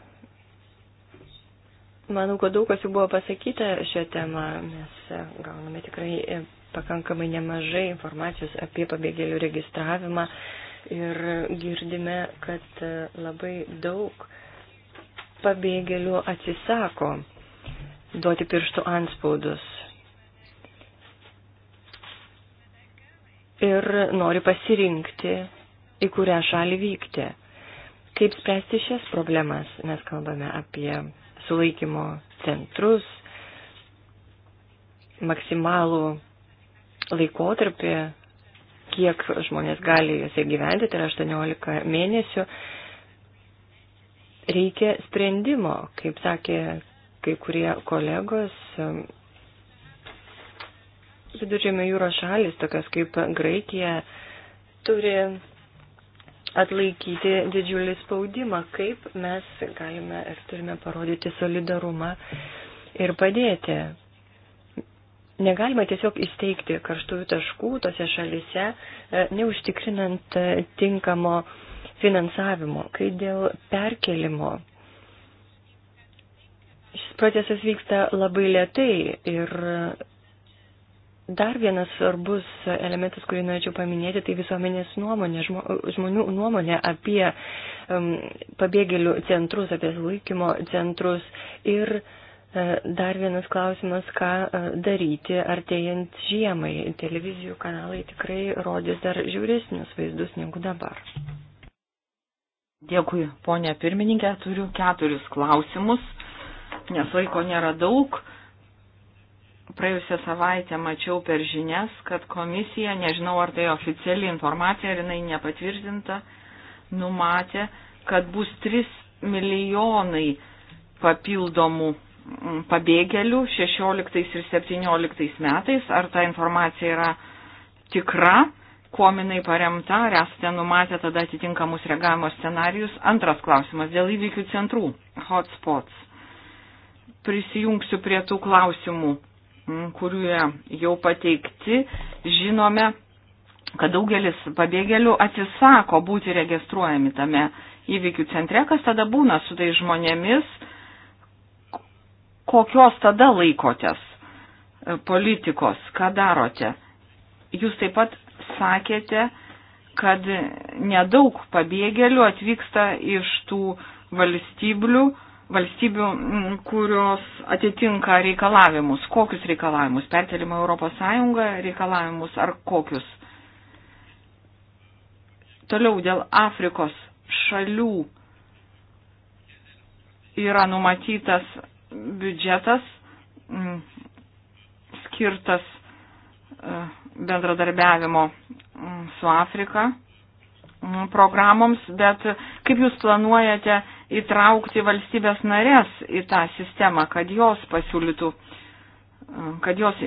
Manau, kad daug kas jau buvo pasakyta šią temą. Mes gauname tikrai pakankamai nemažai informacijos apie pabėgėlių registravimą ir girdime, kad labai daug pabėgėlių atsisako duoti pirštų anspaudus ir nori pasirinkti, į kurią šalį vykti. Kaip spręsti šias problemas? Mes kalbame apie sulaikymo centrus, maksimalų laikotarpį, kiek žmonės gali juose gyventi, tai yra 18 mėnesių, reikia sprendimo, kaip sakė kai kurie kolegos. Viduržėmio jūros šalis, tokios kaip Graikija, turi atlaikyti didžiulį spaudimą, kaip mes galime ir turime parodyti solidarumą ir padėti. Negalima tiesiog įsteigti karštųjų taškų tose šalise, e, neužtikrinant e, tinkamo finansavimo, kai dėl perkelimo. Šis procesas vyksta labai lietai ir Dar vienas svarbus elementas, kurį norėčiau paminėti, tai visuomenės nuomonė, žmonių nuomonė apie um, pabėgėlių centrus, apie laikymo centrus. Ir uh, dar vienas klausimas, ką uh, daryti artėjant žiemai. Televizijų kanalai tikrai rodys dar žiauresnius vaizdus negu dabar. Dėkui, ponė pirmininkė, turiu keturis klausimus, nes laiko nėra daug. Uh, praėjusią savaitę mačiau per žinias, kad komisija, nežinau ar tai oficiali informacija, ar jinai nepatvirtinta, numatė, kad bus 3 milijonai papildomų mm, pabėgėlių 16 ir 17 metais. Ar ta informacija yra tikra, kuo jinai paremta, ar esate numatę tada atitinkamus reagavimo scenarius? Antras klausimas dėl įvykių centrų, hotspots. Prisijungsiu prie tų klausimų kurie jau pateikti, žinome, kad daugelis pabėgėlių atsisako būti registruojami tame įvykių centre, kas tada būna su tai žmonėmis, kokios tada laikotės e, politikos, ką darote. Jūs taip pat sakėte, kad nedaug pabėgėlių atvyksta iš tų valstybių, valstybių, kurios atitinka reikalavimus. Kokius reikalavimus? Perkelimą Europos Sąjungą reikalavimus ar kokius? Toliau dėl Afrikos šalių yra numatytas biudžetas skirtas e, bendradarbiavimo su Afrika Mm, programoms, bet kaip jūs planuojate įtraukti valstybės narės į tą sistemą, kad jos pasiūlytų, mm, kad jos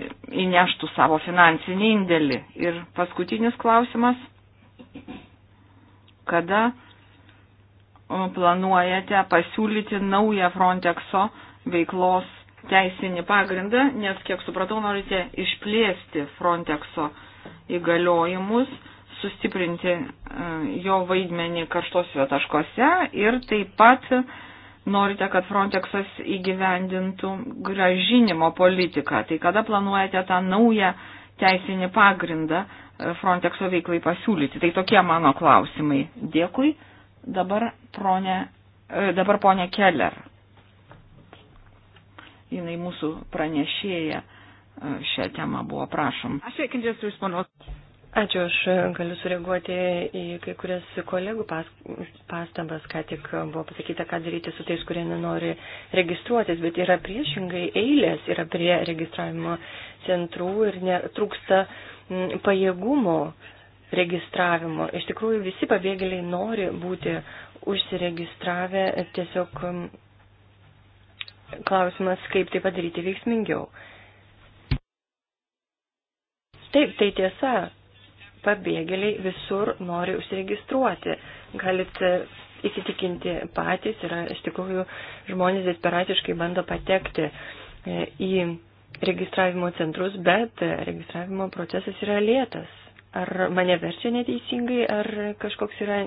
įneštų savo finansinį indėlį. Ir paskutinis klausimas, kada mm, planuojate pasiūlyti naują Frontexo veiklos teisinį pagrindą, nes, kiek supratau, norite išplėsti Frontexo įgaliojimus sustiprinti e, jo vaidmenį karštosio taškose ir taip pat norite, kad Frontexas įgyvendintų gražinimo politiką. Tai kada planuojate tą naują teisinį pagrindą e, Frontexo veiklai pasiūlyti? Tai tokie mano klausimai. Dėkui. Dabar, pronė, e, dabar ponė Keller. Jinai mūsų pranešėja šią temą buvo prašom. Ačiū, aš galiu sureaguoti į kai kurias kolegų pas, pastabas, ką tik buvo pasakyta, ką daryti su tais, kurie nenori registruotis, bet yra priešingai eilės, yra prie registravimo centrų ir trūksta pajėgumo registravimo. Iš tikrųjų, visi pabėgėliai nori būti užsiregistravę, tiesiog klausimas, kaip tai padaryti veiksmingiau. Taip, tai tiesa, pabėgėliai visur nori užsiregistruoti. Galite įsitikinti patys, yra iš tikrųjų žmonės desperatiškai bando patekti e, į registravimo centrus, bet e, registravimo procesas yra lėtas. Ar mane verčia neteisingai, ar kažkoks yra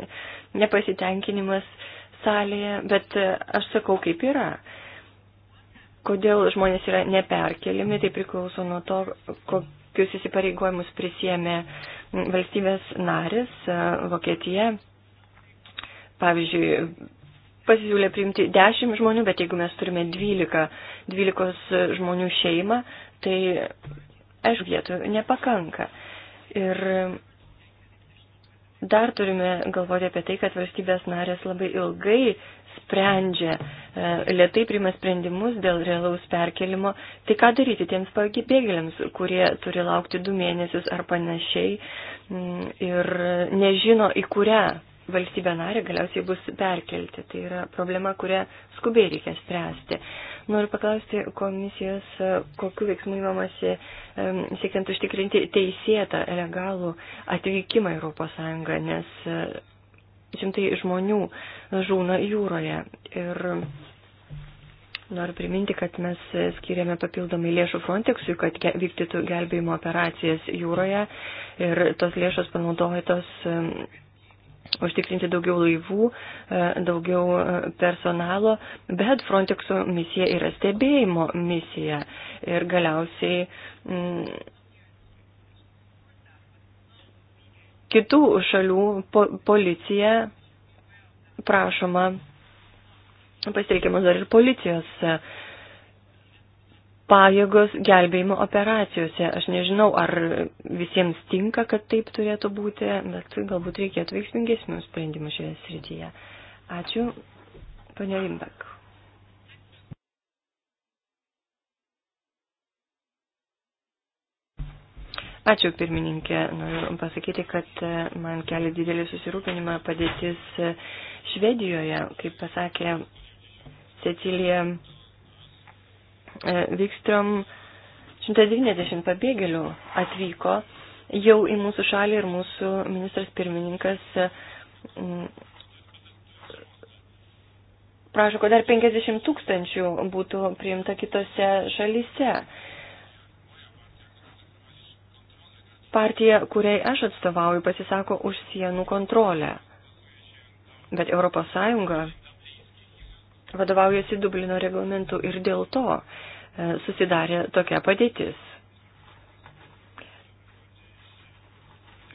nepasitenkinimas salėje, bet e, aš sakau, kaip yra kodėl žmonės yra neperkeliami, tai priklauso nuo to, kokius įsipareigojimus prisėmė valstybės narės, e, Vokietija, pavyzdžiui, pasisiūlė priimti 10 žmonių, bet jeigu mes turime 12, 12 žmonių šeimą, tai aišku, vietų nepakanka. Ir dar turime galvoti apie tai, kad valstybės narės labai ilgai sprendžia, e, lietai priima sprendimus dėl realaus perkelimo, tai ką daryti tiems pagėgėliams, kurie turi laukti du mėnesius ar panašiai mm, ir nežino, į kurią valstybę narį galiausiai bus perkelti. Tai yra problema, kurią skubiai reikia spręsti. Noriu paklausti komisijos, e, kokiu veiksmu įmamasi e, siekiant užtikrinti teisėtą legalų atvykimą į ES, nes šimtai žmonių žūna jūroje. Ir Noriu priminti, kad mes skiriame papildomai lėšų Frontexui, kad vykdytų gelbėjimo operacijas jūroje ir tos lėšos panaudojotos um, užtikrinti daugiau laivų, uh, daugiau uh, personalo, bet Frontexo misija yra stebėjimo misija ir galiausiai mm, kitų šalių po, policija prašoma pasitelkiamas dar ir policijos e, pajėgos gelbėjimo operacijose. Aš nežinau, ar visiems tinka, kad taip turėtų būti, bet galbūt reikėtų veiksmingesnių sprendimų šioje srityje. Ačiū, ponia Rimbek. Ačiū pirmininkė. Noriu pasakyti, kad man kelia didelį susirūpinimą padėtis Švedijoje, kaip pasakė Cecilija Vikstrom, e, 190 pabėgėlių atvyko jau į mūsų šalį ir mūsų ministras pirmininkas e, prašo, kad dar 50 tūkstančių būtų priimta kitose šalyse. Partija, kuriai aš atstovauju, pasisako už sienų kontrolę. Bet ES vadovaujasi Dublino reglamentu ir dėl to e, susidarė tokia padėtis.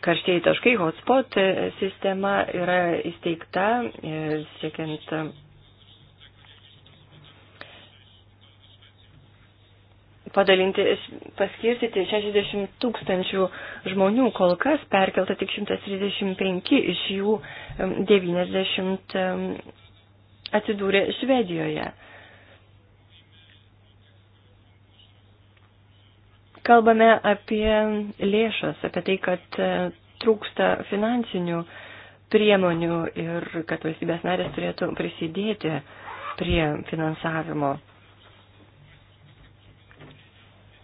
Karštieji taškai, hotspot e, sistema yra įsteigta e, siekiant padalinti, paskirstyti 60 tūkstančių žmonių, kol kas perkelta tik 135, iš jų 90 atsidūrė Švedijoje. Kalbame apie lėšas, apie tai, kad e, trūksta finansinių priemonių ir kad valstybės narės turėtų prisidėti prie finansavimo.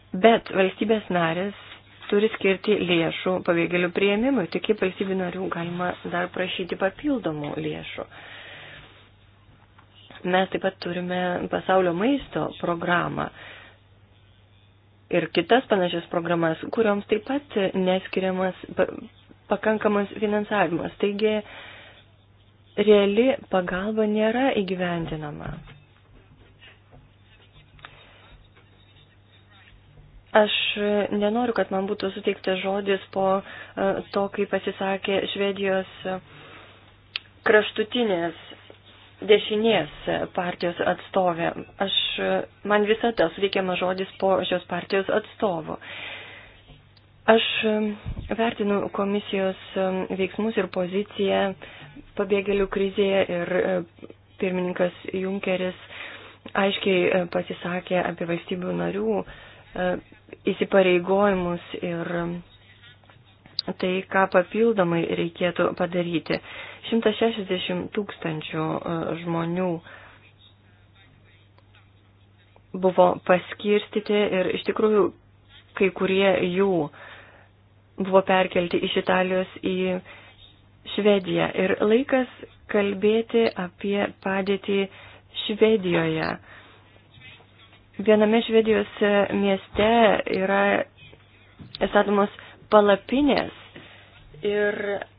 Bet valstybės narės turi skirti lėšų pabėgėlių prieimimui, tik kaip valstybių narių galima dar prašyti papildomų lėšų. Mes taip pat turime pasaulio maisto programą ir kitas panašias programas, kurioms taip pat neskiriamas pakankamas finansavimas. Taigi reali pagalba nėra įgyvendinama. Aš nenoriu, kad man būtų suteiktas žodis po e, to, kai pasisakė Švedijos kraštutinės dešinės partijos atstovė. Aš, man visada suteikiamas žodis po šios partijos atstovo. Aš e, vertinu komisijos e, veiksmus ir poziciją pabėgėlių krizėje ir pirmininkas Junkeris aiškiai pasisakė apie valstybių narių įsipareigojimus ir tai, ką papildomai reikėtų padaryti. 160 tūkstančių e, žmonių buvo paskirstyti ir iš tikrųjų kai kurie jų buvo perkelti iš Italijos į Švediją. Ir laikas kalbėti apie padėtį Švedijoje. Viename Švedijos mieste yra statomos palapinės ir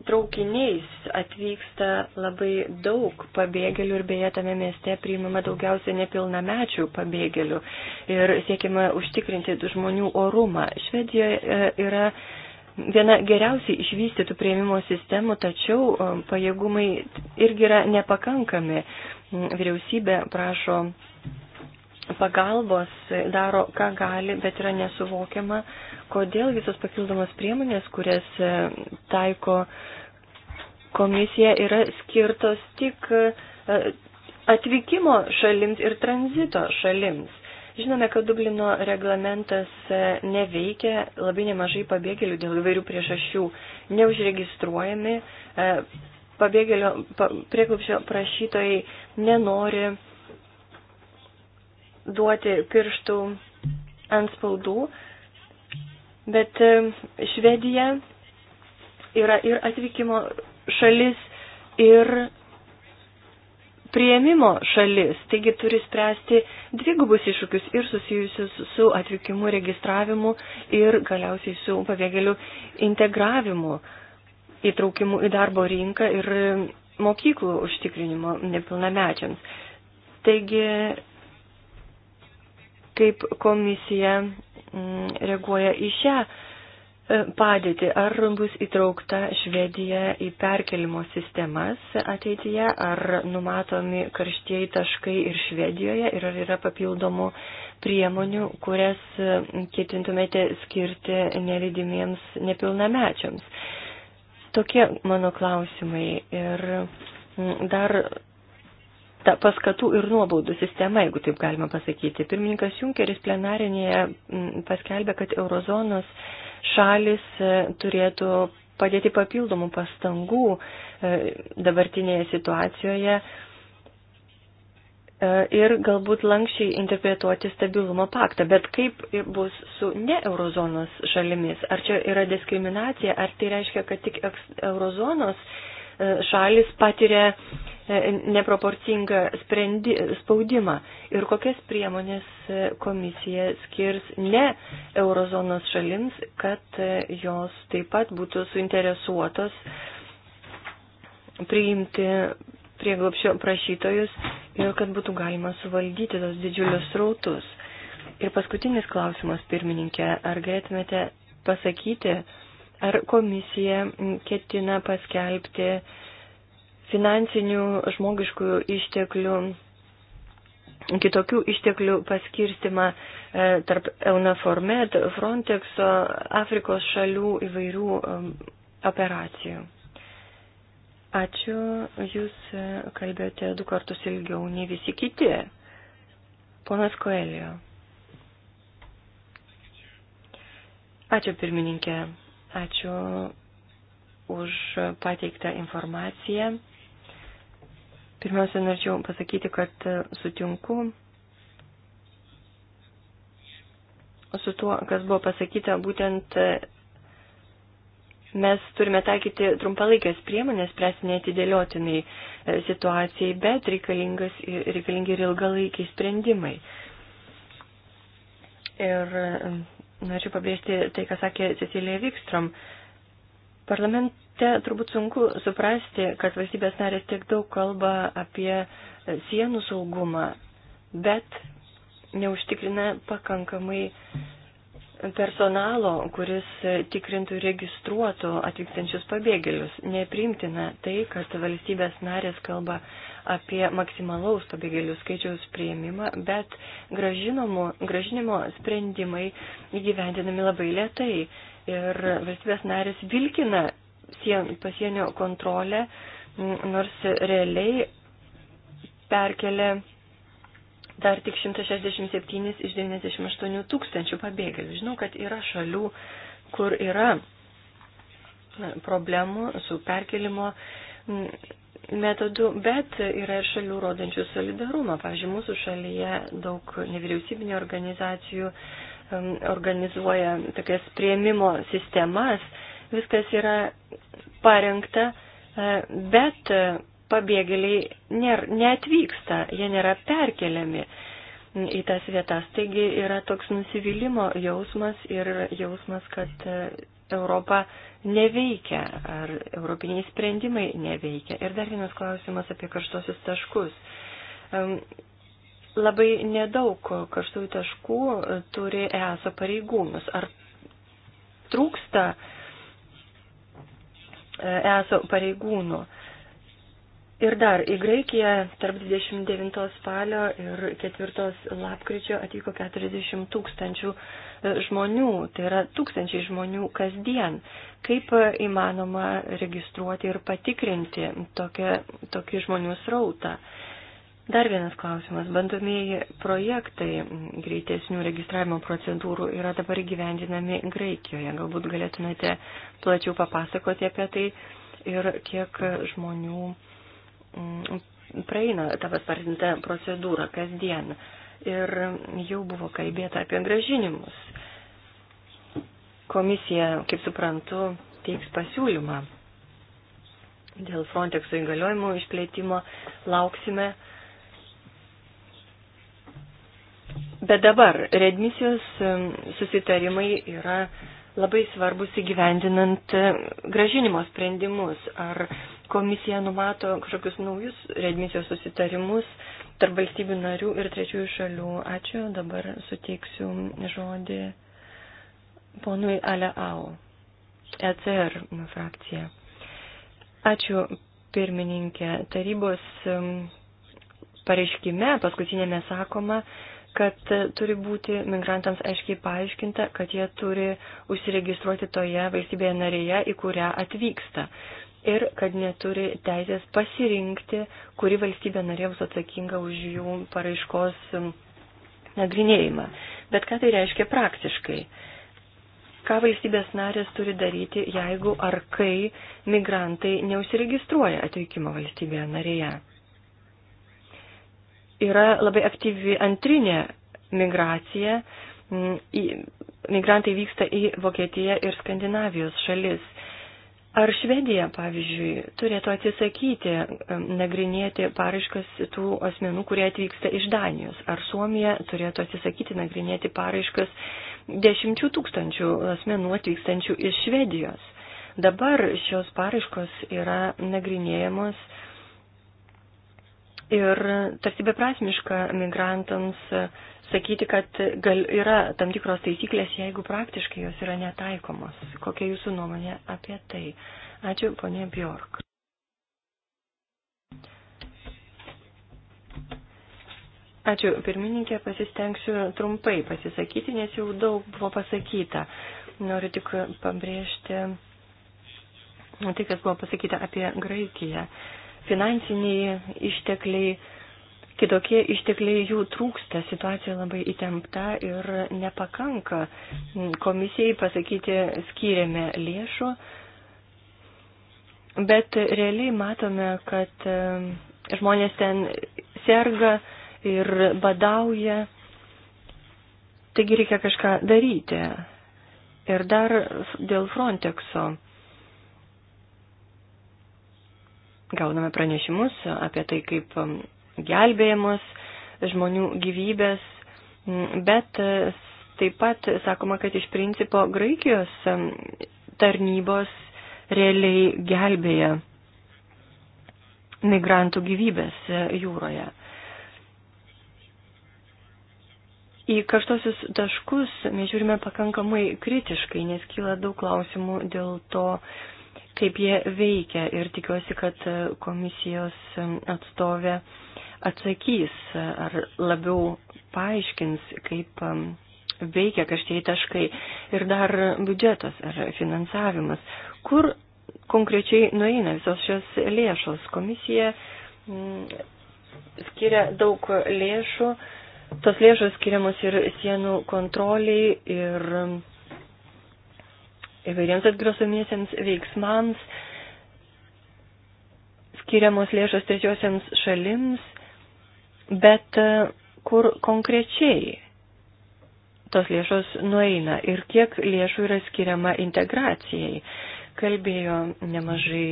traukiniais atvyksta labai daug pabėgėlių ir beje tame mieste priimama daugiausia nepilnamečių pabėgėlių ir siekime užtikrinti žmonių orumą. Švedijoje e, yra viena geriausiai išvystytų prieimimo sistemų, tačiau e, pajėgumai irgi yra nepakankami. Mm, vyriausybė prašo pagalbos daro, ką gali, bet yra nesuvokiama, kodėl visos papildomos priemonės, kurias e, taiko komisija, yra skirtos tik e, atvykimo šalims ir tranzito šalims. Žinome, kad Dublino reglamentas e, neveikia, labai nemažai pabėgėlių dėl įvairių priežasčių neužregistruojami, pabėgėlio prieklupščio prašytojai nenori duoti pirštų ant spaudų, bet e, Švedija yra ir atvykimo šalis, ir prieimimo šalis, taigi turi spręsti dvigubus iššūkius ir susijusius su atvykimu registravimu ir galiausiai su pabėgėlių integravimu, įtraukimu į darbo rinką ir mokyklų užtikrinimo nepilnamečiams. Taigi kaip komisija mm, reaguoja į šią e, padėtį. Ar bus įtraukta Švedija į perkelimo sistemas ateityje, ar numatomi karštieji taškai ir Švedijoje, ir ar yra papildomų priemonių, kurias e, ketintumėte skirti nelydimiems nepilnamečiams. Tokie mano klausimai. Ir mm, dar ta paskatų ir nuobaudų sistema, jeigu taip galima pasakyti. Pirmininkas Junkeris plenarinėje paskelbė, kad eurozonos šalis e, turėtų padėti papildomų pastangų e, dabartinėje situacijoje e, ir galbūt lankščiai interpretuoti stabilumo paktą. Bet kaip bus su ne eurozonos šalimis? Ar čia yra diskriminacija, ar tai reiškia, kad tik eurozonos E, šalis patiria e, neproporcingą sprendi, spaudimą ir kokias priemonės e, komisija skirs ne eurozonos šalims, kad jos taip pat būtų suinteresuotos priimti prieglopšio prašytojus ir kad būtų galima suvaldyti tos didžiulius srautus. Ir paskutinis klausimas, pirmininkė, ar galėtumėte pasakyti, Ar komisija ketina paskelbti finansinių žmogiškųjų išteklių, kitokių išteklių paskirstimą e, tarp Eunaformet, Frontexo, Afrikos šalių įvairių operacijų? Ačiū, jūs e, kalbėjote du kartus ilgiau nei visi kiti. Ponas Koelio. Ačiū, pirmininkė. Ačiū už pateiktą informaciją. Pirmiausia, norėčiau pasakyti, kad sutinku su tuo, kas buvo pasakyta, būtent mes turime taikyti trumpalaikės priemonės, spręsti neatidėliotinai situacijai, bet reikalingi ir ilgalaikiai sprendimai. Ir Norėčiau pabrėžti tai, ką sakė Cecilija Vikstrom. Parlamente turbūt sunku suprasti, kad valstybės narės tiek daug kalba apie sienų saugumą, bet neužtikrina pakankamai personalo, kuris tikrintų ir registruotų atvykstančius pabėgėlius. Nepriimtina tai, kad valstybės narės kalba apie maksimalaus pabėgėlių skaičiaus prieimimą, bet gražinimo sprendimai įgyvendinami labai lietai ir valstybės narės vilkina sien, pasienio kontrolę, nors realiai perkelia dar tik 167 iš 98 tūkstančių pabėgėlių. Žinau, kad yra šalių, kur yra problemų su perkelimo metodų, bet yra ir šalių rodančių solidarumą. Pavyzdžiui, mūsų šalyje daug nevyriausybinio organizacijų um, organizuoja tokias prieimimo sistemas. Viskas yra parengta, e, bet e, pabėgėliai neatvyksta, jie nėra perkeliami į tas vietas. Taigi yra toks nusivylimų jausmas ir jausmas, kad e, Europa neveikia, ar europiniai sprendimai neveikia. Ir dar vienas klausimas apie karštosius taškus. Labai nedaug karštųjų taškų turi ESO pareigūnus. Ar trūksta ESO pareigūnų? Ir dar į Graikiją tarp 29 spalio ir 4 lapkričio atvyko 40 tūkstančių 000 žmonių, tai yra tūkstančiai žmonių kasdien. Kaip įmanoma registruoti ir patikrinti tokią, tokį žmonių srautą? Dar vienas klausimas. Bandomieji projektai greitesnių registravimo procedūrų yra dabar gyvendinami Graikijoje. Galbūt galėtumėte plačiau papasakoti apie tai ir kiek žmonių mm, praeina tą paspartintą procedūrą kasdien. Uh, ir jau buvo kalbėta apie gražinimus. Komisija, kaip suprantu, teiks pasiūlymą dėl Frontexo įgaliojimų išplėtimo. Lauksime. Bet dabar redmisijos um, susitarimai yra labai svarbus įgyvendinant e, gražinimo sprendimus. Ar komisija numato kažkokius naujus redmisijos susitarimus tarp valstybių narių ir trečiųjų šalių? Ačiū, dabar suteiksiu žodį ponui Aleau, ECR frakcija. Ačiū, pirmininkė. Tarybos pareiškime paskutinėme sakoma, kad turi būti migrantams aiškiai paaiškinta, kad jie turi užsiregistruoti toje valstybėje narėje, į kurią atvyksta. Ir kad neturi teisės pasirinkti, kuri valstybė narė bus atsakinga už jų paraiškos um, nagrinėjimą. Bet ką tai reiškia praktiškai? Ką valstybės narės turi daryti, jeigu ar kai migrantai neusiregistruoja atvykimo valstybėje narėje? yra labai aktyvi antrinė migracija. Mm, migrantai vyksta į Vokietiją ir Skandinavijos šalis. Ar Švedija, pavyzdžiui, turėtų atsisakyti nagrinėti paraiškas tų asmenų, kurie atvyksta iš Danijos? Ar Suomija turėtų atsisakyti nagrinėti paraiškas dešimčių tūkstančių asmenų atvykstančių iš Švedijos? Dabar šios paraiškos yra nagrinėjamos uh, Ir tarsi beprasmiška migrantams sakyti, kad gal, yra tam tikros taisyklės, jeigu praktiškai jos yra netaikomos. Kokia jūsų nuomonė apie tai? Ačiū, ponė Bjork. Ačiū, pirmininkė, pasistengsiu trumpai pasisakyti, nes jau daug buvo pasakyta. Noriu tik pabrėžti tai, kas buvo pasakyta apie Graikiją finansiniai ištekliai, kitokie ištekliai jų trūksta, situacija labai įtempta ir nepakanka. Komisijai pasakyti skyrėme lėšų, bet realiai matome, kad e, žmonės ten serga ir badauja, taigi reikia kažką daryti. Ir dar dėl Frontexo Gauname pranešimus apie tai, kaip um, gelbėjamos žmonių gyvybės, mm, bet e, taip pat sakoma, kad iš principo Graikijos um, tarnybos realiai gelbėja migrantų gyvybės e, jūroje. Į karštosius taškus mes žiūrime pakankamai kritiškai, nes kyla daug klausimų dėl to, kaip jie veikia ir tikiuosi, kad komisijos atstovė atsakys ar labiau paaiškins, kaip um, veikia kažtieji taškai ir dar biudžetas ar finansavimas. Kur konkrečiai nueina visos šios lėšos? Komisija mm, skiria daug lėšų, tos lėšos skiriamos ir sienų kontroliai ir įvairiems atgrasomiesiems veiksmams, skiriamos lėšos trečiosiams šalims, bet e, kur konkrečiai tos lėšos nueina ir kiek lėšų yra skiriama integracijai. Kalbėjo nemažai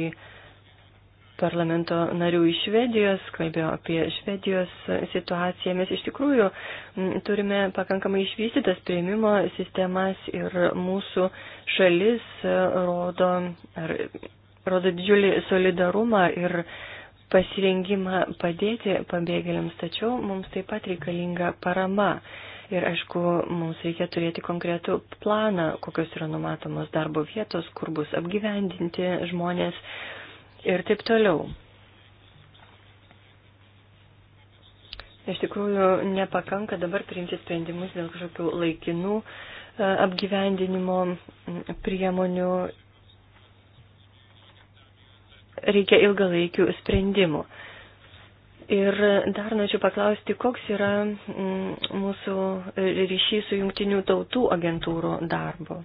parlamento narių iš Švedijos, kalbėjo apie Švedijos situaciją. Mes iš tikrųjų turime pakankamai išvystytas prieimimo sistemas ir mūsų šalis e, rodo, ar, rodo didžiulį solidarumą ir pasirengimą padėti pabėgėliams, tačiau mums taip pat reikalinga parama. Ir aišku, mums reikia turėti konkretų planą, kokios yra numatomos darbo vietos, kur bus apgyvendinti žmonės, ir taip toliau. Iš tikrųjų, nepakanka dabar priimti sprendimus dėl kažkokių laikinų e, apgyvendinimo priemonių. Reikia ilgalaikių sprendimų. Ir dar norėčiau paklausti, koks yra mūsų ryšys su jungtinių tautų agentūrų darbo.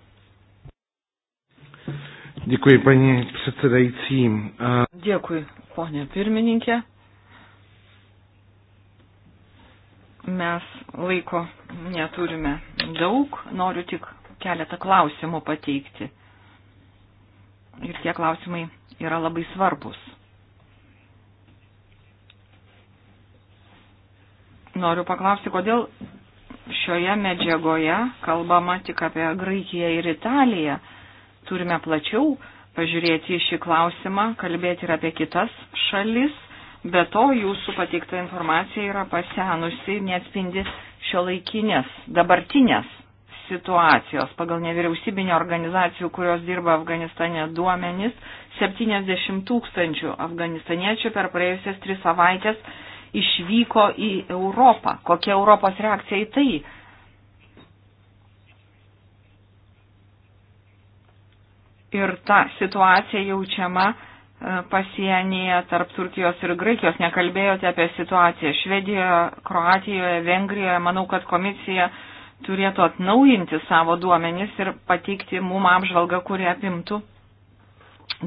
Dėkui, panie předsedající. Dėkui, ponė pirmininkė. Mes laiko neturime daug, noriu tik keletą klausimų pateikti. Ir tie klausimai yra labai svarbus. Noriu paklausti, kodėl šioje medžiagoje kalbama tik apie Graikiją ir Italiją turime plačiau pažiūrėti į šį klausimą, kalbėti ir apie kitas šalis. Be to, jūsų pateikta informacija yra pasenusi ir neatspindi šio laikinės, dabartinės situacijos. Pagal nevyriausybinio organizacijų, kurios dirba Afganistane duomenys, 70 tūkstančių afganistaniečių per praėjusias tris savaitės išvyko į Europą. Kokia Europos reakcija į tai? ir ta situacija jaučiama e, pasienyje tarp Turkijos ir Graikijos. Nekalbėjote apie situaciją Švedijoje, Kroatijoje, Vengrijoje. Manau, kad komisija turėtų atnaujinti savo duomenis ir pateikti mum apžvalgą, kuri apimtų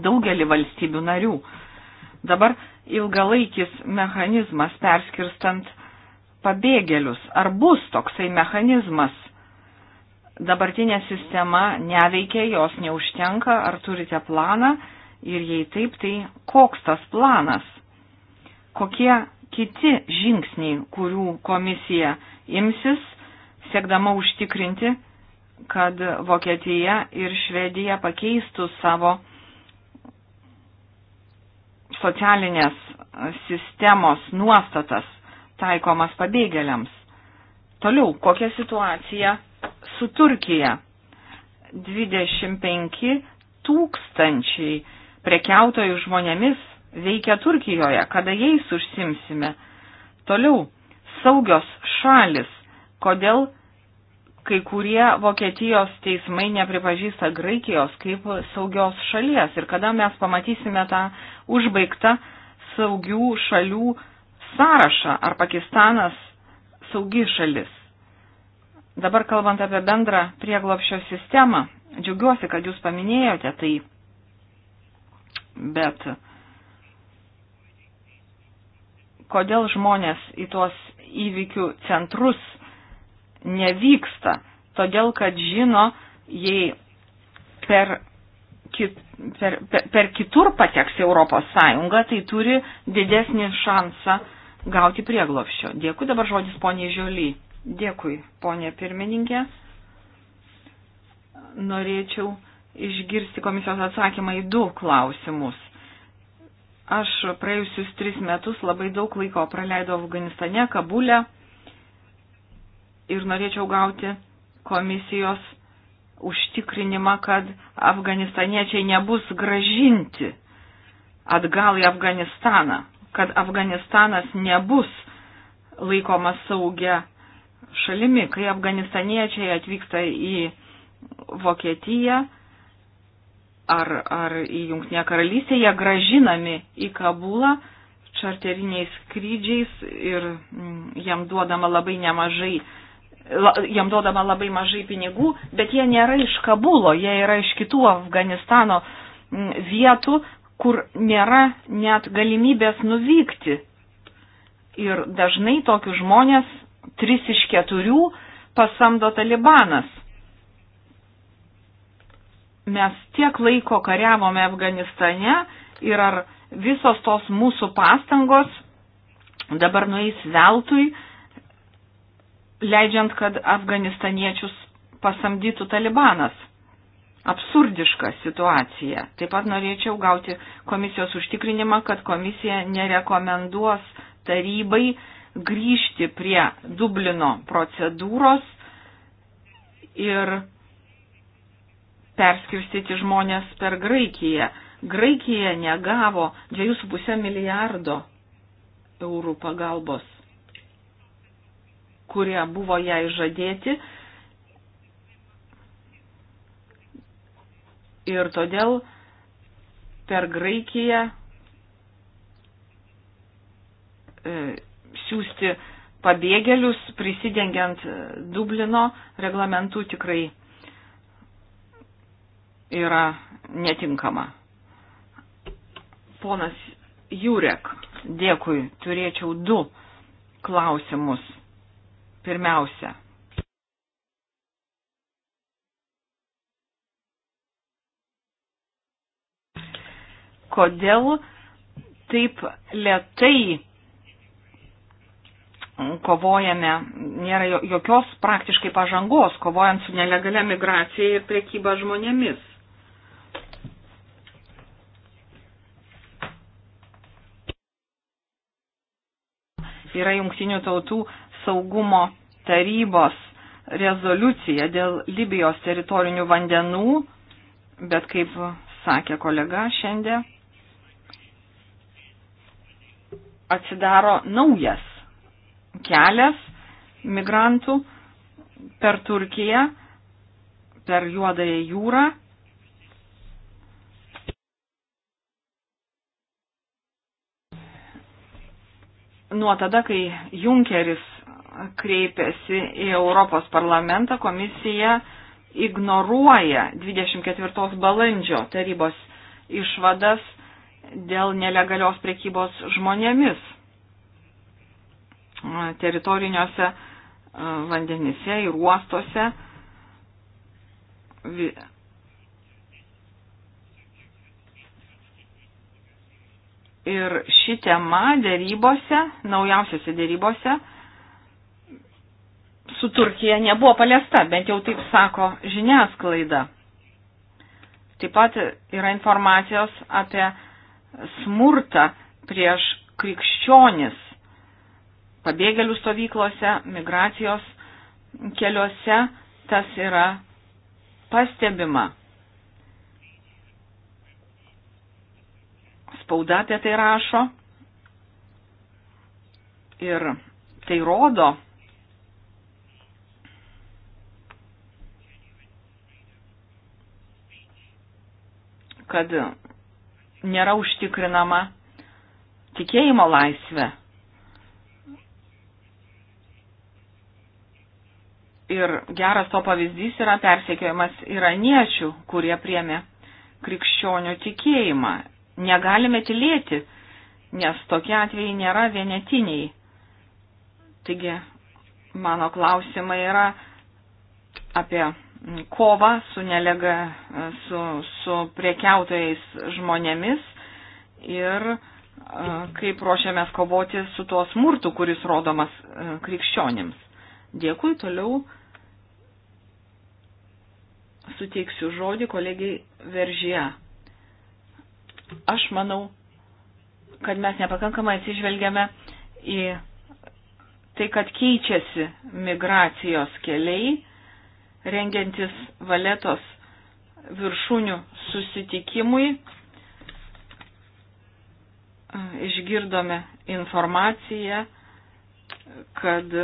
daugelį valstybių narių. Dabar ilgalaikis mechanizmas perskirstant pabėgėlius. Ar bus toksai mechanizmas? dabartinė sistema neveikia, jos neužtenka, ar turite planą ir jei taip, tai koks tas planas, kokie kiti žingsniai, kurių komisija imsis, siekdama užtikrinti, kad Vokietija ir Švedija pakeistų savo socialinės sistemos nuostatas taikomas pabėgėliams. Toliau, kokia situacija su Turkija. 25 tūkstančiai prekiautojų žmonėmis veikia Turkijoje, kada jais užsimsime. Toliau, saugios šalis, kodėl kai kurie Vokietijos teismai nepripažįsta Graikijos kaip saugios šalies ir kada mes pamatysime tą užbaigtą saugių šalių sąrašą, ar Pakistanas saugi šalis. Dabar kalbant apie bendrą prieglopščio sistemą, džiaugiuosi, kad jūs paminėjote tai, bet kodėl žmonės į tuos įvykių centrus nevyksta? Todėl, kad žino, jei per, kit, per, per, per kitur pateks Europos Sąjunga, tai turi didesnį šansą gauti prieglopščio. Dėkui dabar žodis poniai Žioliai. Dėkui, ponė pirmininkė. Norėčiau išgirsti komisijos atsakymą į du klausimus. Aš praėjusius tris metus labai daug laiko praleidau Afganistane, Kabulę ir norėčiau gauti komisijos užtikrinimą, kad afganistaniečiai nebus gražinti atgal į Afganistaną, kad Afganistanas nebus laikomas saugia šalimi, kai afganistaniečiai atvyksta į Vokietiją ar, ar į Junktinę karalystę, jie gražinami į Kabulą čarteriniais skrydžiais ir mm, jam duodama labai nemažai, jam duodama labai mažai pinigų, bet jie nėra iš Kabulo, jie yra iš kitų Afganistano mm, vietų, kur nėra net galimybės nuvykti. Ir dažnai tokius žmonės 3 iš 4 pasamdo talibanas. Mes tiek laiko kariavome Afganistane ir ar visos tos mūsų pastangos dabar nueis veltui, leidžiant, kad afganistaniečius pasamdytų talibanas. Absurdiška situacija. Taip pat norėčiau gauti komisijos užtikrinimą, kad komisija nerekomenduos tarybai grįžti prie Dublino procedūros ir perskirstyti žmonės per Graikiją. Graikija negavo 2,5 milijardo eurų pagalbos, kurie buvo jai žadėti. Ir todėl per Graikiją e, siūsti pabėgėlius, prisidengiant Dublino reglamentų, tikrai yra netinkama. Ponas Jurek, dėkui, turėčiau du klausimus. Pirmiausia. Kodėl taip lietai kovojame, nėra jokios praktiškai pažangos, kovojant su nelegalia migracija ir priekyba žmonėmis. Yra jungtinių tautų saugumo tarybos rezoliucija dėl Libijos teritorinių vandenų, bet kaip sakė kolega šiandien, atsidaro naujas kelias migrantų per Turkiją, per Juodąją jūrą. Nuo tada, kai Junkeris kreipėsi į Europos parlamentą, komisija ignoruoja 24 balandžio tarybos išvadas dėl nelegalios prekybos žmonėmis teritoriniuose e, vandenise ir uostuose. Ir ši tema dėrybose, naujausiose dėrybose, su Turkija nebuvo paliesta, bent jau taip sako žiniasklaida. Taip pat yra informacijos apie smurtą prieš krikščionis pabėgėlių stovyklose, migracijos keliuose, tas yra pastebima. Spauda apie tai rašo ir tai rodo, kad nėra užtikrinama tikėjimo laisvė. Ir geras to pavyzdys yra persekiojimas iraniečių, kurie priemė krikščionių tikėjimą. Negalime tylėti, nes tokie atvejai nėra vienetiniai. Taigi, mano klausimai yra apie kovą su, nelega, su, su priekiautojais žmonėmis ir e, kaip ruošiamės kovoti su tuo smurtu, kuris rodomas e, krikščionims. Dėkui, toliau suteiksiu žodį kolegiai Veržyje. Aš manau, kad mes nepakankamai atsižvelgiame į tai, kad keičiasi migracijos keliai, rengiantis valetos viršūnių susitikimui. Išgirdome informaciją, kad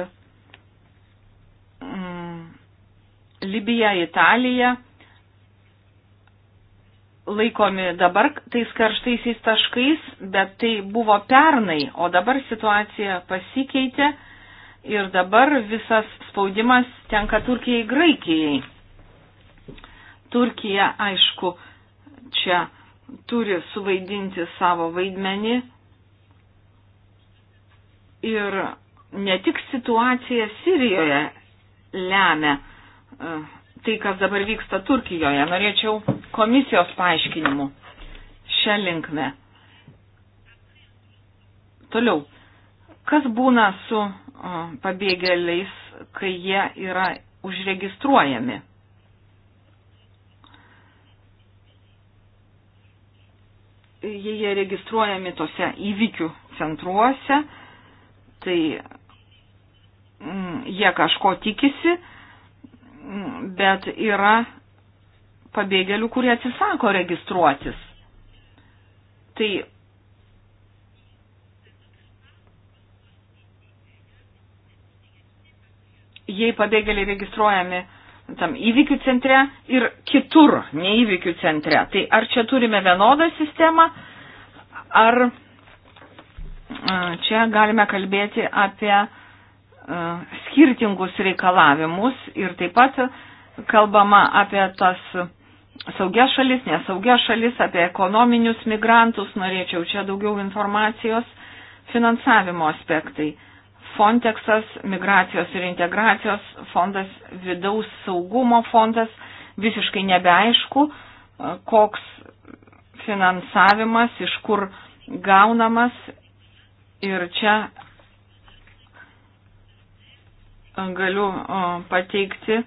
Libija, Italija laikomi dabar tais karštaisiais taškais, bet tai buvo pernai, o dabar situacija pasikeitė ir dabar visas spaudimas tenka Turkijai Graikijai. Turkija, aišku, čia turi suvaidinti savo vaidmenį ir ne tik situacija Sirijoje lemia tai, kas dabar vyksta Turkijoje. Norėčiau komisijos paaiškinimų šią linkmę. Toliau, kas būna su pabėgėliais, kai jie yra užregistruojami? Jei jie registruojami tose įvykių centruose, tai mm, jie kažko tikisi, bet yra pabėgėlių, kurie atsisako registruotis. Tai jei pabėgėliai registruojami tam įvykių centre ir kitur, ne įvykių centre, tai ar čia turime vienodą sistemą, ar čia galime kalbėti apie skirtingus reikalavimus ir taip pat kalbama apie tas saugia šalis, nesaugia šalis, apie ekonominius migrantus, norėčiau čia daugiau informacijos, finansavimo aspektai. Frontexas, migracijos ir integracijos fondas, vidaus saugumo fondas, visiškai nebeaišku, koks finansavimas, iš kur gaunamas ir čia galiu pateikti e,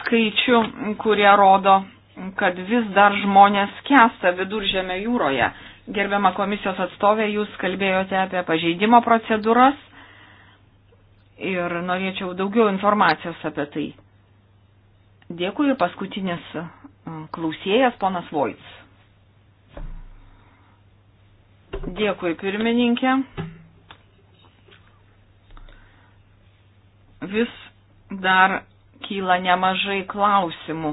skaičių, kurie rodo, kad vis dar žmonės kesta viduržėme jūroje. Gerbiama komisijos atstovė, jūs kalbėjote apie pažeidimo procedūras ir norėčiau daugiau informacijos apie tai. Dėkui ir paskutinis e, klausėjas, ponas Voits. Dėkui pirmininkė. Vis dar kyla nemažai klausimų.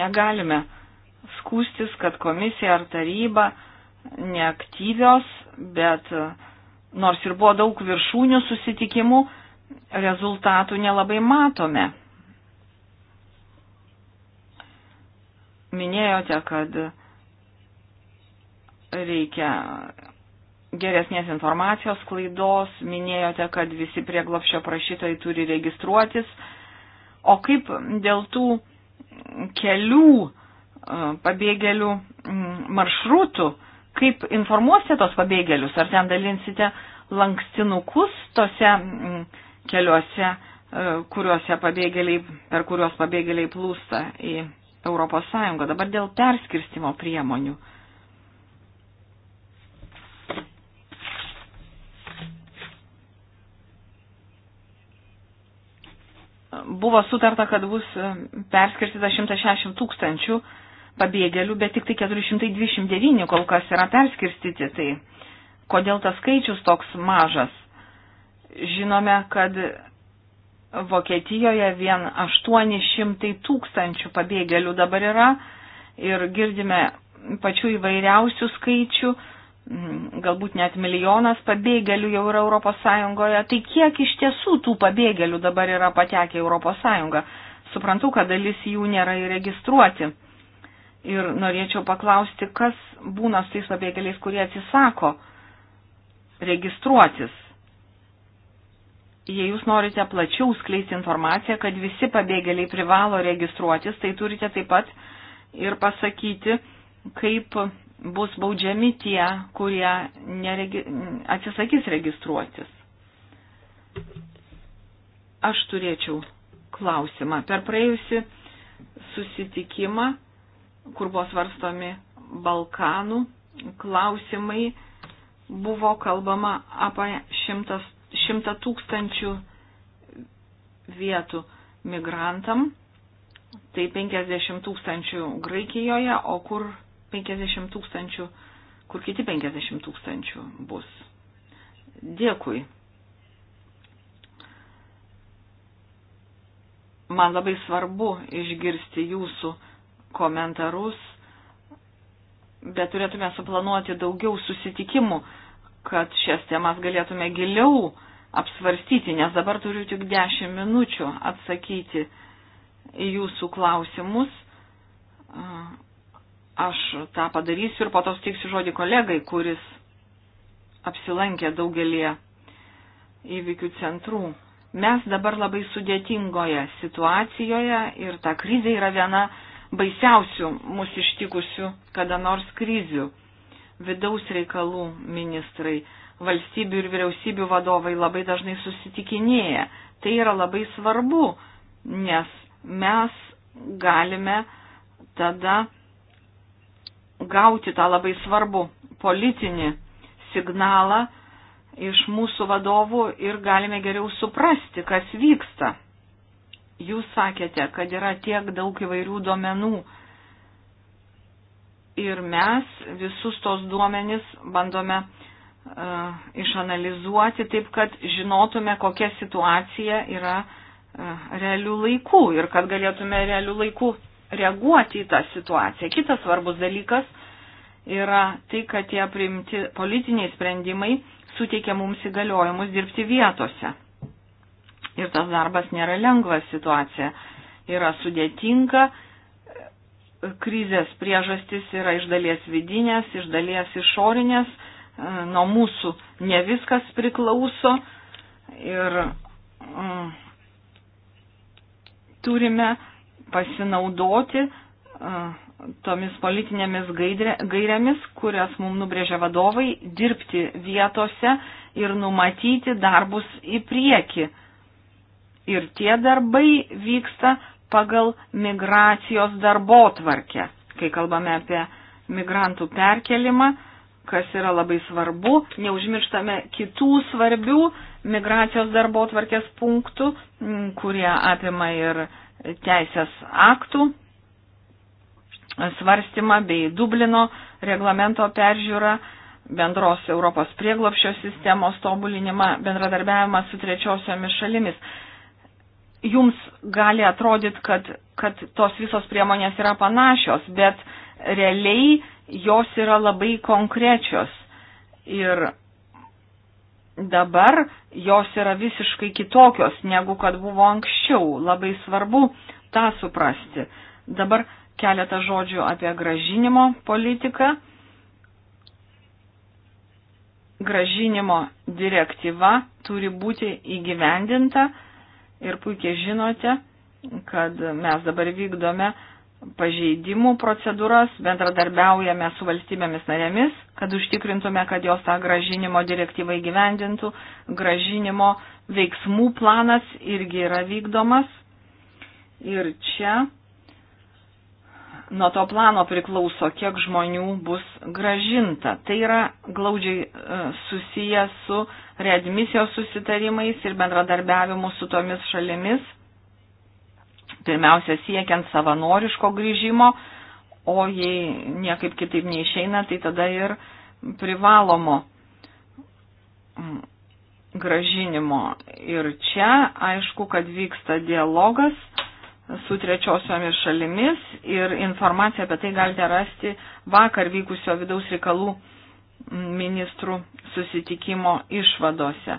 Negalime skūstis, kad komisija ar taryba neaktyvios, bet nors ir buvo daug viršūnių susitikimų, rezultatų nelabai matome. Minėjote, kad reikia geresnės informacijos klaidos, minėjote, kad visi prieglopšio prašytojai turi registruotis. O kaip dėl tų kelių e, pabėgėlių maršrutų, kaip informuosite tos pabėgėlius, ar ten dalinsite lankstinukus tose keliuose, e, kuriuose pabėgėliai, per kuriuos pabėgėliai plūsta į Europos Sąjungą. Dabar dėl perskirstimo priemonių. buvo sutarta, kad bus e, perskirstyta 160 tūkstančių pabėgėlių, bet tik tai 429 kol kas yra perskirstyti. Tai kodėl tas skaičius toks mažas? Žinome, kad Vokietijoje vien 800 tūkstančių pabėgėlių dabar yra ir girdime pačių įvairiausių skaičių, Mm, galbūt net milijonas pabėgėlių jau yra Europos Sąjungoje. Tai kiek iš tiesų tų pabėgėlių dabar yra patekę Europos Sąjungą? Suprantu, kad dalis jų nėra įregistruoti. Ir norėčiau paklausti, kas būna su tais pabėgėliais, kurie atsisako registruotis. Jei jūs norite plačiau skleisti informaciją, kad visi pabėgėliai privalo registruotis, tai turite taip pat ir pasakyti, kaip bus baudžiami tie, kurie neregi atsisakys registruotis. Aš turėčiau klausimą. Per praėjusi susitikimą, kur buvo svarstomi Balkanų klausimai, buvo kalbama apie šimtas, šimtą tūkstančių vietų migrantam, tai 50 tūkstančių Graikijoje, o kur 50 tūkstančių, kur kiti 50 tūkstančių bus. Dėkui. Man labai svarbu išgirsti jūsų komentarus, bet turėtume suplanuoti daugiau susitikimų, kad šias temas galėtume giliau apsvarstyti, nes dabar turiu tik 10 minučių atsakyti į jūsų klausimus Aš tą padarysiu ir po to suteiksiu žodį kolegai, kuris apsilankė daugelie įvykių centrų. Mes dabar labai sudėtingoje situacijoje ir ta krizė yra viena baisiausių mūsų ištikusių kada nors krizių. Vidaus reikalų ministrai, valstybių ir vyriausybių vadovai labai dažnai susitikinėja. Tai yra labai svarbu, nes mes galime tada gauti tą labai svarbu politinį signalą iš mūsų vadovų ir galime geriau suprasti, kas vyksta. Jūs sakėte, kad yra tiek daug įvairių duomenų ir mes visus tos duomenys bandome uh, išanalizuoti taip, kad žinotume, kokia situacija yra uh, e, realių laikų ir kad galėtume realių laikų reaguoti į tą situaciją. Kitas svarbus dalykas yra tai, kad tie priimti politiniai sprendimai suteikia mums įgaliojimus dirbti vietose. Ir tas darbas nėra lengvas situacija, yra sudėtinga, krizės priežastis yra iš dalies vidinės, iš dalies išorinės, nuo mūsų ne viskas priklauso ir mm, turime pasinaudoti tomis politinėmis gairiamis, kurias mums nubrėžia vadovai, dirbti vietose ir numatyti darbus į priekį. Ir tie darbai vyksta pagal migracijos darbo tvarkę. Kai kalbame apie migrantų perkelimą, kas yra labai svarbu, neužmirštame kitų svarbių migracijos darbo tvarkės punktų, kurie apima ir teisės aktų svarstymą bei Dublino reglamento peržiūrą, bendros Europos prieglopščio sistemos tobulinimą, bendradarbiavimą su trečiosiomis šalimis. Jums gali atrodyti, kad, kad tos visos priemonės yra panašios, bet realiai jos yra labai konkrečios. Ir dabar jos yra visiškai kitokios negu kad buvo anksčiau. Labai svarbu tą suprasti. Dabar keletą žodžių apie gražinimo politiką. Gražinimo direktyva turi būti įgyvendinta ir puikiai žinote, kad mes dabar vykdome pažeidimų procedūras, bendradarbiaujame su valstybėmis narėmis, kad užtikrintume, kad jos tą gražinimo direktyvą įgyvendintų. Gražinimo veiksmų planas irgi yra vykdomas. Ir čia nuo to plano priklauso, kiek žmonių bus gražinta. Tai yra glaudžiai e, susiję su readmisijos susitarimais ir bendradarbiavimu su tomis šalimis pirmiausia siekiant savanoriško grįžimo, o jei niekaip kitaip neišeina, tai tada ir privalomo mm, gražinimo. Ir čia aišku, kad vyksta dialogas su trečiosiomis šalimis ir informaciją apie tai galite rasti vakar vykusio vidaus reikalų ministrų susitikimo išvadose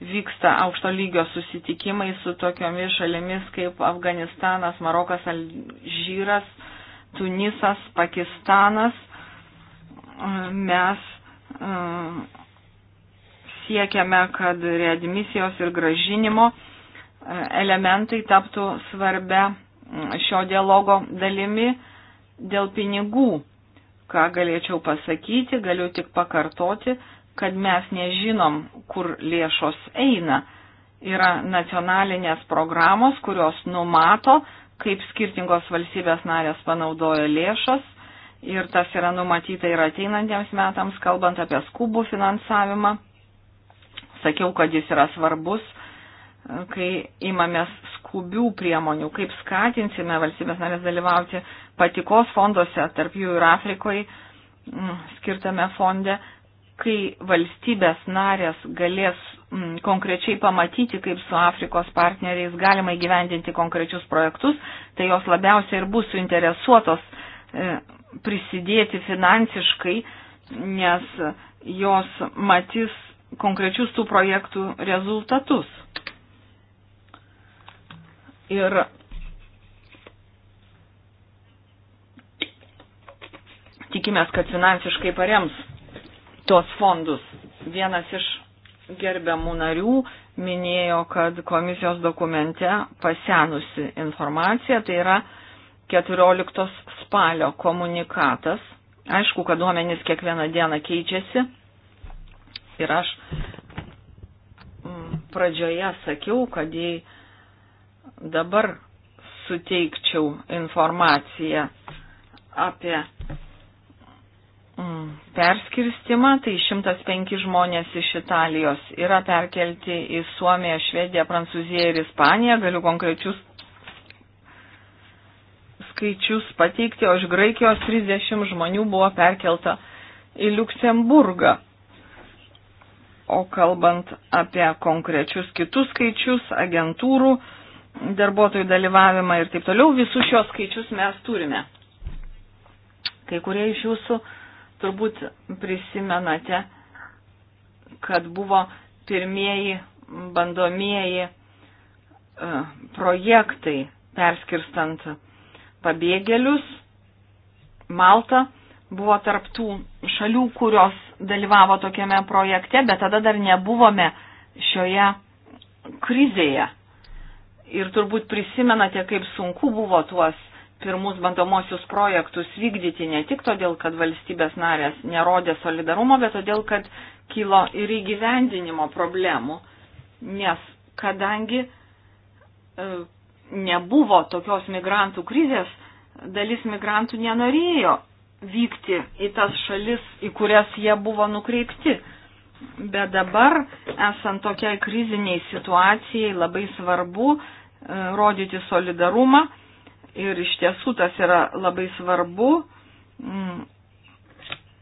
vyksta aukšto lygio susitikimai su tokiomis šalimis kaip Afganistanas, Marokas, Alžyras, Tunisas, Pakistanas. Mes e, siekiame, kad readmisijos ir gražinimo e, elementai taptų svarbia šio dialogo dalimi dėl pinigų. Ką galėčiau pasakyti, galiu tik pakartoti, kad mes nežinom, kur lėšos eina. Yra nacionalinės programos, kurios numato, kaip skirtingos valstybės narės panaudoja lėšas ir tas yra numatyta ir ateinantiems metams, kalbant apie skubų finansavimą. Sakiau, kad jis yra svarbus, kai imamės skubių priemonių, kaip skatinsime valstybės narės dalyvauti patikos fonduose, tarp jų ir Afrikoje mm, skirtame fonde, kai valstybės narės galės m, mm, konkrečiai pamatyti, kaip su Afrikos partneriais galima įgyvendinti konkrečius projektus, tai jos labiausiai ir bus suinteresuotos e, prisidėti finansiškai, nes jos matys konkrečius tų projektų rezultatus. Ir tikimės, kad finansiškai parems tuos fondus. Vienas iš gerbiamų narių minėjo, kad komisijos dokumente pasenusi informacija, tai yra 14 spalio komunikatas. Aišku, kad duomenys kiekvieną dieną keičiasi. Ir aš mm, pradžioje sakiau, kad jei dabar suteikčiau informaciją apie perskirstimą, tai 105 žmonės iš Italijos yra perkelti į Suomiją, Švediją, Prancūziją ir Ispaniją. Galiu konkrečius skaičius pateikti, o iš Graikijos 30 žmonių buvo perkelta į Luksemburgą. O kalbant apie konkrečius kitus skaičius, agentūrų, darbuotojų dalyvavimą ir taip toliau, visus šios skaičius mes turime. Kai kurie iš jūsų uh, Turbūt prisimenate, kad buvo pirmieji bandomieji e, projektai perskirstant pabėgėlius. Malta buvo tarptų šalių, kurios dalyvavo tokiame projekte, bet tada dar nebuvome šioje krizėje. Ir turbūt prisimenate, kaip sunku buvo tuos pirmus bandomosius projektus vykdyti ne tik todėl, kad valstybės narės nerodė solidarumo, bet todėl, kad kilo ir įgyvendinimo problemų, nes kadangi e, nebuvo tokios migrantų krizės, dalis migrantų nenorėjo vykti į tas šalis, į kurias jie buvo nukreipti. Bet dabar, esant tokiai kriziniai situacijai, labai svarbu e, rodyti solidarumą Ir iš tiesų tas yra labai svarbu. Mm.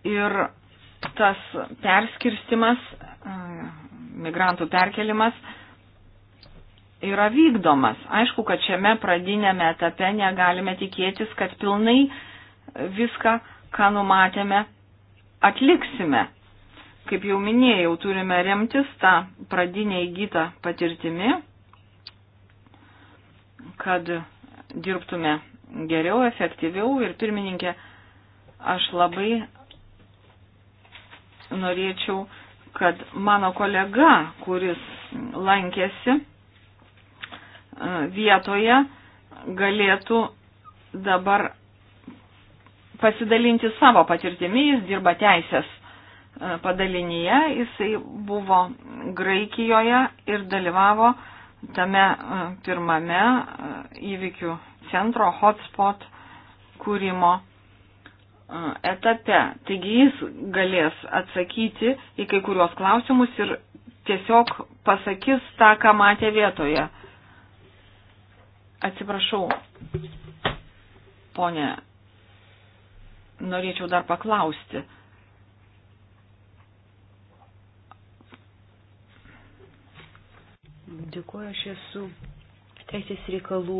Ir tas perskirstimas, migrantų perkelimas yra vykdomas. Aišku, kad šiame pradinėme etape negalime tikėtis, kad pilnai viską, ką numatėme, atliksime. Kaip jau minėjau, turime remtis tą pradinę įgytą patirtimi, kad dirbtume geriau, efektyviau ir pirmininkė, aš labai norėčiau, kad mano kolega, kuris lankėsi e, vietoje, galėtų dabar pasidalinti savo patirtimi, jis dirba teisės e, padalinyje, jisai buvo Graikijoje ir dalyvavo uh, tame e, pirmame e, įvykių centro hotspot kūrimo e, etape. Taigi jis galės atsakyti į kai kuriuos klausimus ir tiesiog pasakys tą, ką matė vietoje. Atsiprašau, ponė, norėčiau dar paklausti. Dėkuoju, aš esu teisės reikalų,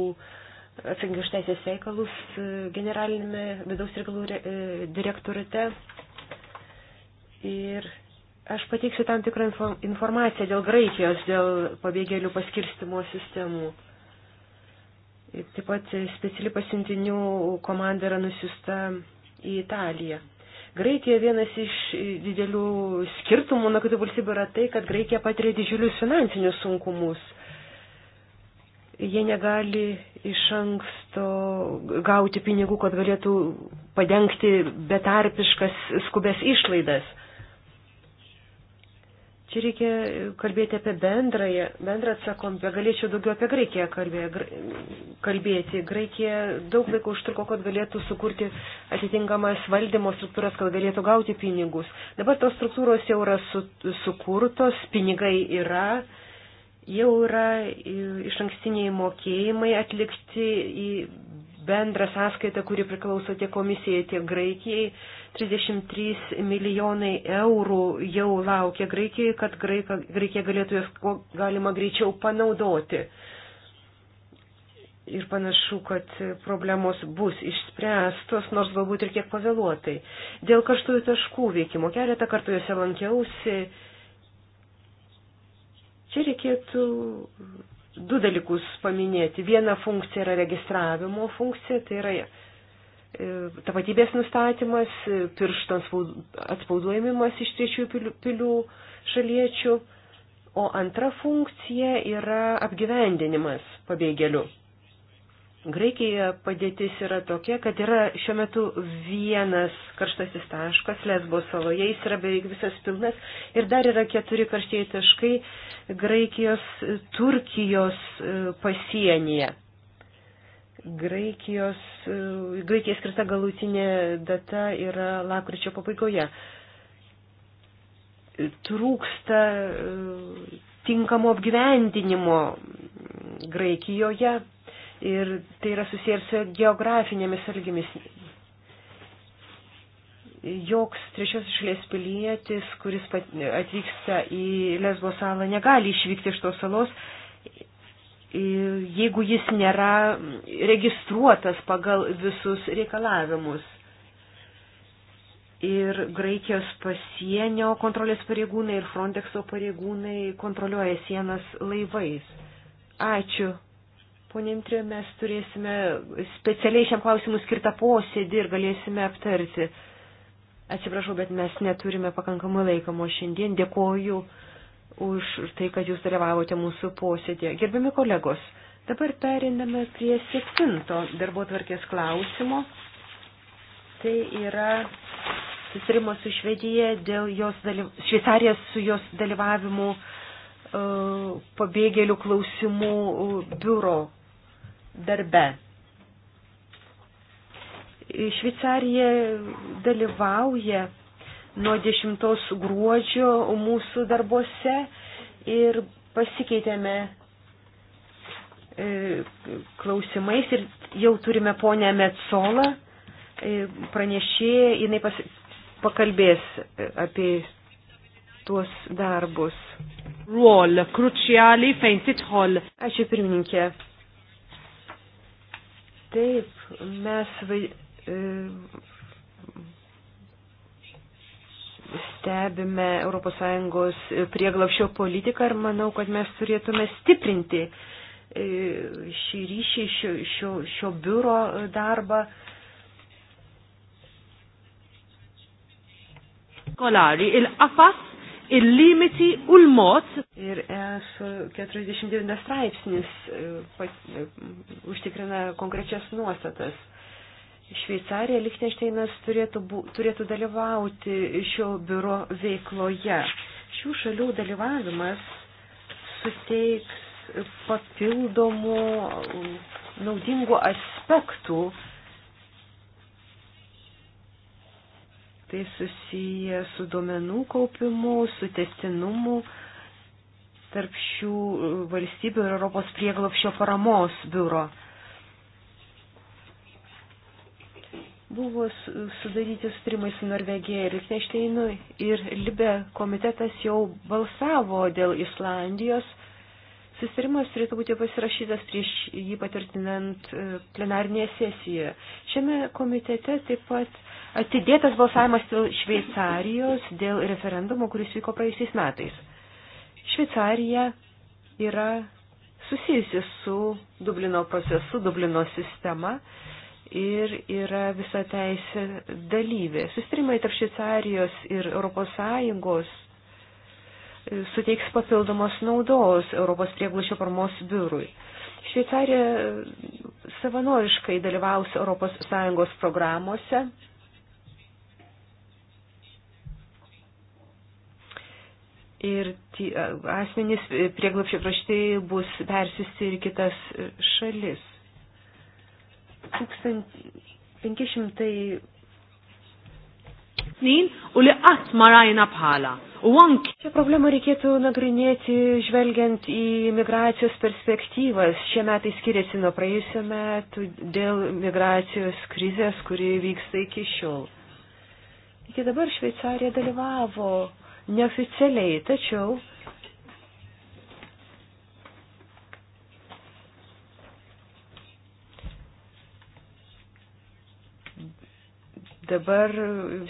atsakingi už teisės reikalus e, generalinėme vidaus reikalų e, direktorate. Ir aš pateiksiu tam tikrą informaciją dėl Graikijos, dėl pabėgėlių paskirstimo sistemų. Ir taip pat speciali pasiuntinių komanda yra nusiusta į Italiją. Graikija vienas iš didelių skirtumų nuo kitų valstybių yra tai, kad Graikija patiria didžiulius finansinius sunkumus. Jie negali iš anksto gauti pinigų, kad galėtų padengti betarpiškas skubės išlaidas. Čia reikia kalbėti apie bendrąją, bendrą atsakomybę. Galėčiau daugiau apie Graikiją kalbėti. Graikija daug laiko užtruko, kad galėtų sukurti atitinkamas valdymo struktūras, kad galėtų gauti pinigus. Dabar tos struktūros jau yra su, sukurtos, pinigai yra, jau yra iš ankstiniai mokėjimai atlikti į bendrą sąskaitą, kuri priklauso tiek komisijai, tiek Graikijai. 33 milijonai eurų jau laukia Graikijai, kad Graika, Graikija galėtų jas galima greičiau panaudoti. Ir panašu, kad problemos bus išspręstos, nors galbūt ir kiek pavėluotai. Dėl karštųjų taškų veikimo keletą kartų juose lankiausi. Čia reikėtų du dalykus paminėti. Viena funkcija yra registravimo funkcija, tai yra e, tapatybės nustatymas, e, piršto atspauduojimas iš trečiųjų pilių šaliečių, o antra funkcija yra apgyvendinimas pabėgėlių. Graikijoje padėtis yra tokia, kad yra šiuo metu vienas karštasis taškas Lesbo saloje, jis yra beveik visas pilnas ir dar yra keturi karštieji taškai Graikijos Turkijos e, pasienyje. Graikijos, e, Graikijai skirta galutinė data yra lakryčio pabaigoje. Trūksta e, tinkamo apgyvendinimo Graikijoje, ir tai yra susijęs su geografinėmis algimis. Joks trečios šalies pilietis, kuris atvyksta į Lesbo salą, negali išvykti iš tos salos, jeigu jis nėra registruotas pagal visus reikalavimus. Ir Graikijos pasienio kontrolės pareigūnai ir Frontexo pareigūnai kontroliuoja sienas laivais. Ačiū. Pone Intrė, mes turėsime specialiai šiam klausimui skirtą posėdį ir galėsime aptarti. Atsiprašau, bet mes neturime pakankamai laikamo šiandien. Dėkoju už tai, kad jūs dalyvavote mūsų posėdėje. Gerbiami kolegos, dabar periname prie septinto darbo tvarkės klausimo. Tai yra susitarimo su Švedija dėl jos dalyv... Šveicarijos su jos dalyvavimu e, pabėgėlių klausimų e, biuro darbe. Šveicarija dalyvauja nuo 10 gruodžio mūsų darbose ir pasikeitėme e, klausimais ir jau turime ponę Metsolą, e, pranešėją, jinai pas, pakalbės e, apie tuos darbus. Rol, kručiali, feintithol. Ačiū pirmininkė. Taip, mes vai, e, stebime ES prieglapšio politiką ir manau, kad mes turėtume stiprinti e, šį ryšį, šio, šio, šio biuro darbą. Kolari il-qafas il-limiti u l-mod. Ir ES 49 straipsnis e, e, užtikrina konkrečias nuostatas. Šveicarija, Lichtensteinas turėtų, bu, turėtų dalyvauti šio biuro veikloje. Šių šalių dalyvavimas suteiks papildomų naudingų aspektų Tai susiję su duomenų kaupimu, su testinumu tarp šių e, valstybių ir Europos prieglopščio paramos biuro. Buvo sudaryti sutrimai su Norvegija ir Lichtenšteinu ir Libe komitetas jau balsavo dėl Islandijos Susitarimas turėtų būti pasirašytas prieš jį patvirtinant e, plenarinėje sesijoje. Šiame komitete taip pat atidėtas balsavimas dėl Šveicarijos, dėl referendumo, kuris vyko praėjusiais metais. Šveicarija yra susijusi su Dublino procesu, Dublino sistema ir yra visa teisė dalyvė. Sustarimai tarp Šveicarijos ir ES suteiks papildomos naudos Europos prieglušio paramos biurui. Šveicarija savanoriškai dalyvaus ES programuose. Ir tie, asmenys e, prieglapšio praštai bus persisti ir kitas šalis. 1500 snin u li qatt ma rajna bħala. U anki. Šią problemą reikėtų nagrinėti žvelgiant į migracijos perspektyvas. Šie metai skiriasi nuo praėjusių metų dėl migracijos krizės, kuri vyksta iki šiol. Iki dabar Šveicarija dalyvavo neoficialiai, tačiau dabar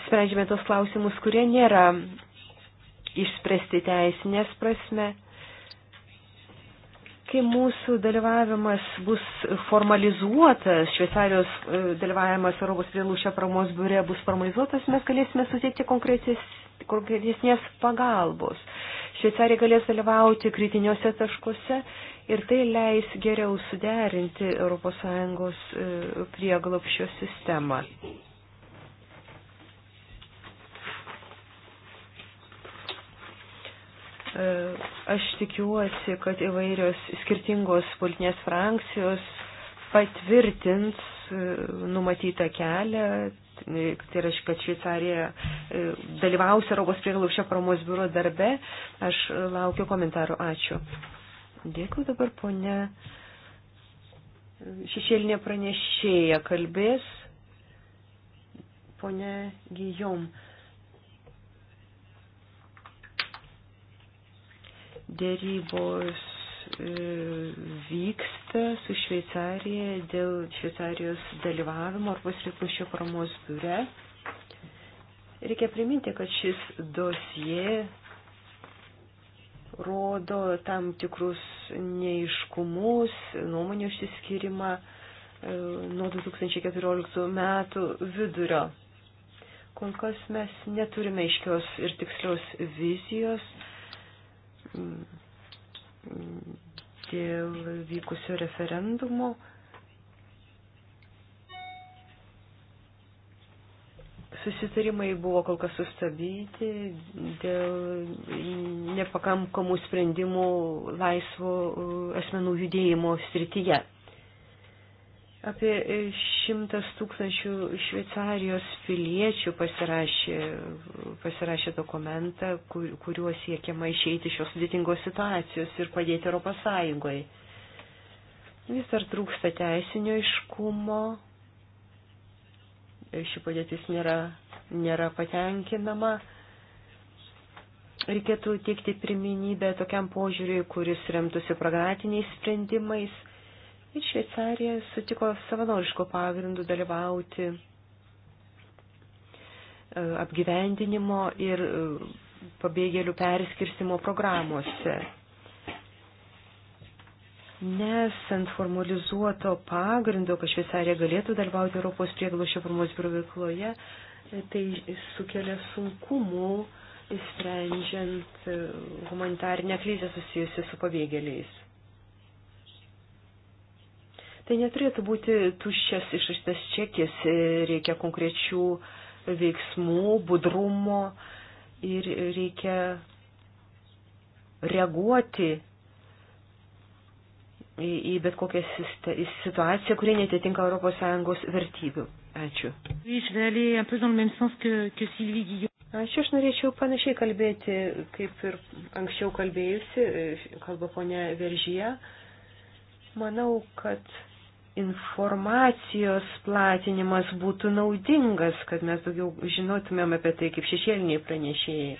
sprendžiame tos klausimus, kurie nėra išspręsti teisinės prasme. Kai mūsų dalyvavimas bus formalizuotas, Šveicarijos e, dalyvavimas Europos prieglūšio paramos biure bus formalizuotas, mes galėsime suteikti konkretesnės pagalbos. Šveicarija galės dalyvauti kritiniuose taškuose ir tai leis geriau suderinti ES e, prieglopščio sistemą. E, aš tikiuosi, kad įvairios skirtingos politinės frakcijos patvirtins e, numatytą kelią. E, tai yra, kad Šveicarija dalyvaus Europos prieglaušio paramos biuro darbe. Aš laukiu komentarų. Ačiū. Dėkui dabar, ponė. Šešėlinė pranešėja kalbės. Ponė Gijom. Dėrybos e, vyksta su Šveicarija dėl Šveicarijos dalyvavimo Europos reikalų paramos biure. Reikia priminti, kad šis dosie rodo tam tikrus neiškumus, nuomonių išsiskirimą e, nuo 2014 metų vidurio. Kol kas mes neturime iškios ir tikslios vizijos dėl vykusio referendumo. Susitarimai buvo kol kas sustabdyti dėl nepakankamų sprendimų laisvo e, asmenų judėjimo srityje. Apie šimtas tūkstančių Šveicarijos piliečių pasirašė, pasirašė dokumentą, kur, kuriuo siekiama išeiti šios sudėtingos situacijos ir padėti Europos Sąjungoje. Vis dar trūksta teisinio iškumo, ši padėtis nėra, nėra patenkinama. Reikėtų teikti pirminybę tokiam požiūriui, kuris remtųsi pragmatiniais sprendimais ir Šveicarija sutiko savanoriško pagrindų dalyvauti e, apgyvendinimo ir e, pabėgėlių perskirstimo programuose. Nes ant formalizuoto pagrindo, kad Šveicarija galėtų dalyvauti Europos prieglošio formos veikloje, e, tai sukelia sunkumų, sprendžiant humanitarinę krizę susijusią su pabėgėliais. Tai neturėtų būti tuščias išraštas čekis, e, reikia konkrečių veiksmų, budrumo ir reikia reaguoti į, į bet kokią situaciją, kurie netitinka ES vertybių. Ačiū. Ačiū, aš norėčiau panašiai kalbėti, kaip ir anksčiau kalbėjusi, e, kalba ponia Veržyje. Manau, kad informacijos platinimas būtų naudingas, kad mes daugiau žinotumėm apie tai kaip šešėliniai pranešėjai.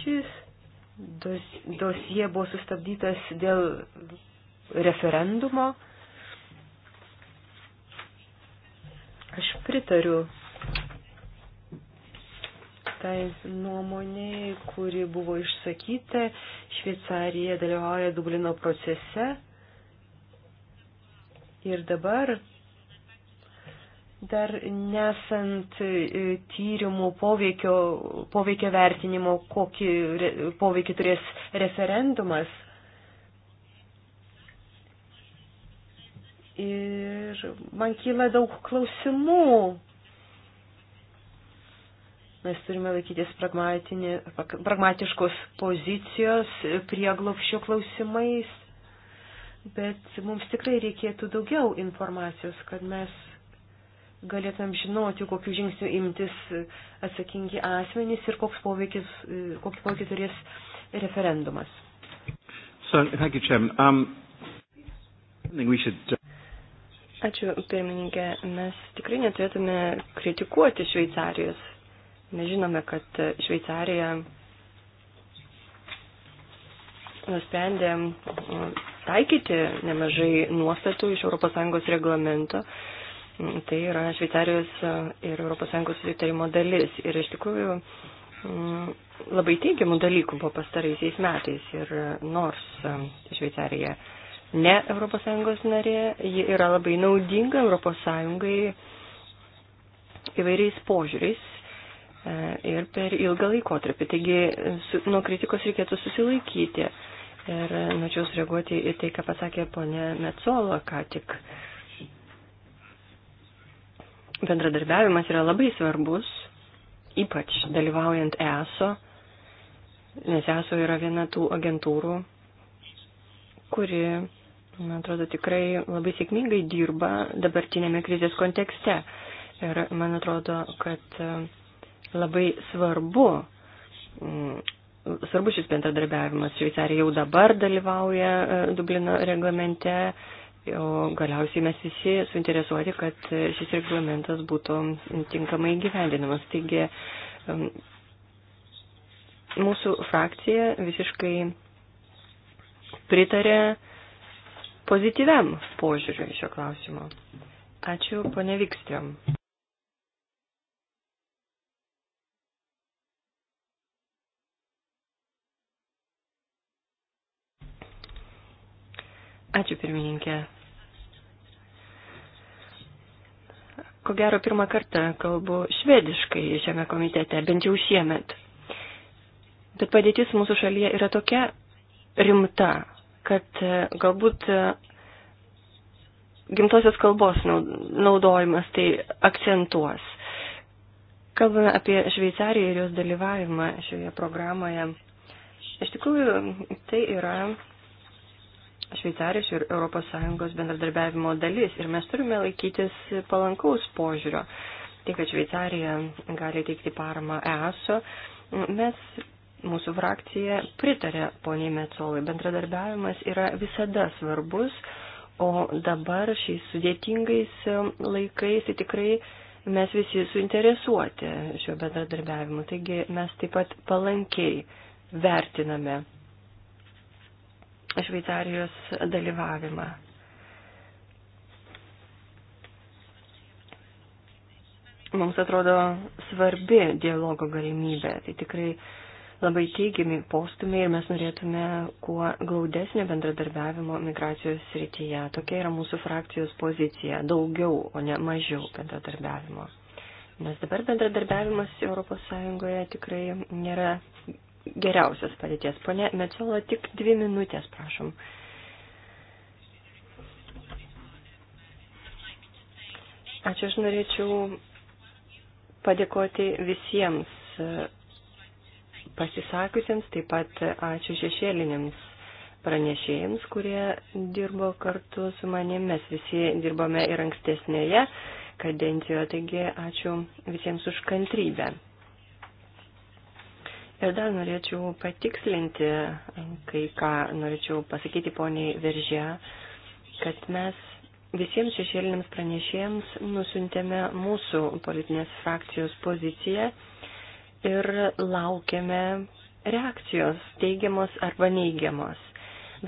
Šis dos, dosie buvo sustabdytas dėl referendumo. Aš pritariu tai nuomonėj, kuri buvo išsakyta. Šveicarija dalyvauja Dublino procese Ir dabar, dar nesant e, tyrimų poveikio, poveikio vertinimo, kokį poveikį turės referendumas. Ir man kyla daug klausimų. Mes turime laikytis pragmatiškos pozicijos prieglopščio klausimais bet mums tikrai reikėtų daugiau informacijos, kad mes galėtumėm žinoti, kokiu žingsniu imtis atsakingi asmenys ir koks poveikis, kokį poveikį turės referendumas. So, thank you, Chairman. Um, I think we should... Ačiū, pirmininkė. Mes tikrai neturėtume kritikuoti Šveicarijos. Mes žinome, kad Šveicarija nusprendė taikyti nemažai nuostatų iš ES reglamento. Tai yra Šveicarijos ir ES susitarimo dalis. Ir iš tikrųjų mm, labai teigiamų dalykų buvo pastaraisiais metais. Ir nors Šveicarija ne ES narė, ji yra labai naudinga ES įvairiais požiūriais E, ir per ilgą laikotarpį. Taigi su, nuo kritikos reikėtų susilaikyti. Ir norėčiau sureaguoti į tai, ką pasakė ponė Metsola ką tik. Bendradarbiavimas yra labai svarbus, ypač dalyvaujant ESO, nes ESO yra viena tų agentūrų, kuri, man atrodo, tikrai labai sėkmingai dirba dabartinėme krizės kontekste. Ir man atrodo, kad uh, labai svarbu. Mm, svarbu šis bendradarbiavimas. Šveicarija jau dabar dalyvauja e, Dublino reglamente, o galiausiai mes visi suinteresuoti, kad šis reglamentas būtų tinkamai gyvendinamas. Taigi mūsų frakcija visiškai pritarė pozityviam požiūriui šio klausimo. Ačiū, ponė Vikstriam. Ačiū pirmininkė. Ko gero pirmą kartą kalbu švediškai šiame komitete, bent jau šiemet. Bet padėtis mūsų šalyje yra tokia rimta, kad e, galbūt e, gimtosios kalbos naudojimas tai akcentuos. Kalbame apie Šveicariją ir jos dalyvavimą šioje programoje. Iš tikrųjų, tai yra Šveicarijos ir ES bendradarbiavimo dalis ir mes turime laikytis palankaus požiūrio. Tai, kad Šveicarija gali teikti paramą ESO, mes, mūsų frakcija, pritarė poniai Metsolai. Bendradarbiavimas yra visada svarbus, o dabar šiais sudėtingais laikais tai tikrai mes visi suinteresuoti šio bendradarbiavimu. Taigi mes taip pat palankiai vertiname Šveicarijos dalyvavimą. Mums atrodo svarbi dialogo galimybė. Tai tikrai labai teigiami postumiai ir mes norėtume kuo glaudesnio bendradarbiavimo migracijos srityje. Tokia yra mūsų frakcijos pozicija - daugiau, o ne mažiau bendradarbiavimo. Nes dabar bendradarbiavimas ES tikrai nėra geriausios padėties. Pone Metsola, tik dvi minutės, prašom. Ačiū, aš norėčiau padėkoti visiems pasisakusiems, taip pat ačiū šešėlinėms pranešėjams, kurie dirbo kartu su manim. Mes visi dirbome ir ankstesnėje kadencijoje, taigi ačiū visiems už kantrybę. Ir dar norėčiau patikslinti, kai ką norėčiau pasakyti poniai Veržė, kad mes visiems šešėliniams pranešėjams nusintėme mūsų politinės frakcijos poziciją ir laukiame reakcijos, teigiamos arba neigiamos.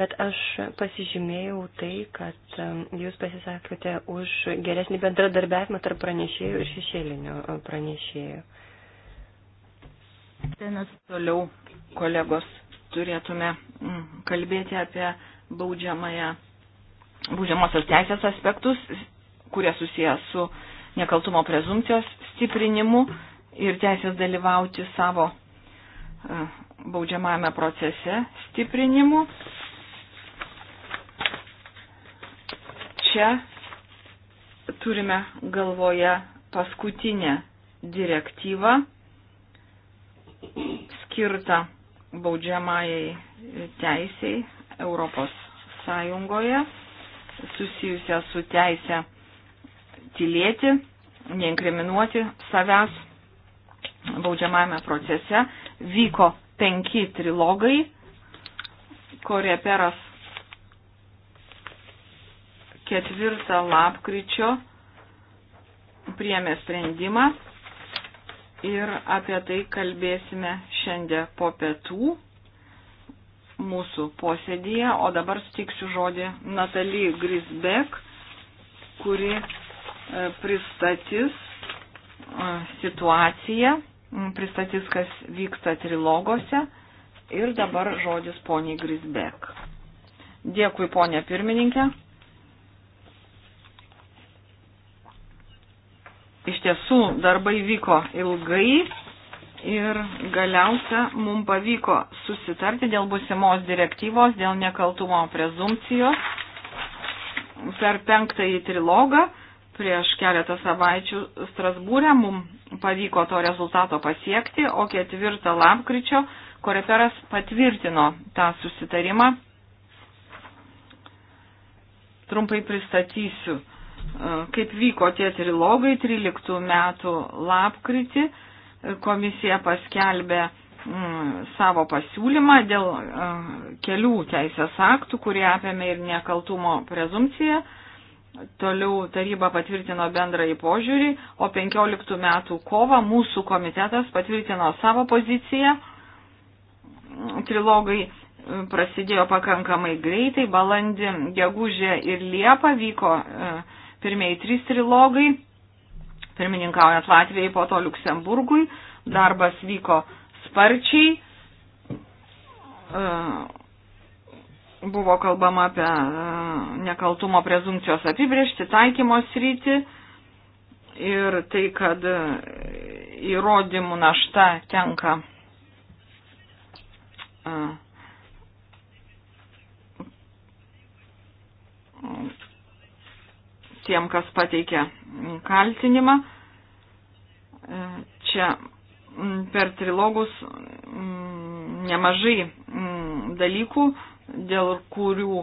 Bet aš pasižymėjau tai, kad um, jūs pasisakote už geresnį bendradarbiavimą tarp pranešėjų ir šešėlinių uh, pranešėjų. Tenas toliau kolegos turėtume mm, kalbėti apie baudžiamąją, baudžiamosios teisės aspektus, kurie susiję su nekaltumo prezumcijos stiprinimu ir teisės dalyvauti savo e, baudžiamame procese stiprinimu. Čia turime galvoje paskutinę direktyvą skirtą baudžiamajai teisiai Europos Sąjungoje susijusią su teisė tylėti, neinkriminuoti savęs baudžiamajame procese. Vyko penki trilogai, koreperas ketvirtą lapkričio priemė sprendimą ir apie tai kalbėsime šiandien po pietų mūsų posėdėje, o dabar sutiksiu žodį Natalijai Grisbek, kuri e, pristatys e, situaciją, pristatys, kas vyksta trilogose ir dabar žodis poniai Grisbek. Dėkui, ponė pirmininkė. iš tiesų darbai vyko ilgai ir galiausia mums pavyko susitarti dėl busimos direktyvos, dėl nekaltumo prezumcijos per penktąjį trilogą. Prieš keletą savaičių Strasbūrė mums pavyko to rezultato pasiekti, o ketvirtą lapkričio koreperas patvirtino tą susitarimą. Trumpai pristatysiu E, kaip vyko tie trilogai 13 metų lapkritį. E, komisija paskelbė mm, savo pasiūlymą dėl e, kelių teisės aktų, kurie apėmė ir nekaltumo prezumciją. Toliau taryba patvirtino bendrąjį požiūrį, o 15 metų kovą mūsų komitetas patvirtino savo poziciją. Trilogai prasidėjo pakankamai greitai, balandį, gegužę ir liepą vyko uh, pirmieji trys trilogai, pirmininkaujant Latvijai, po to Luksemburgui, darbas vyko sparčiai, e, buvo kalbama apie e, nekaltumo prezumcijos apibriešti, taikymo sritį ir tai, kad e, įrodymų našta tenka tiem, kas pateikė kaltinimą. E, čia per trilogus nemažai dalykų, dėl kurių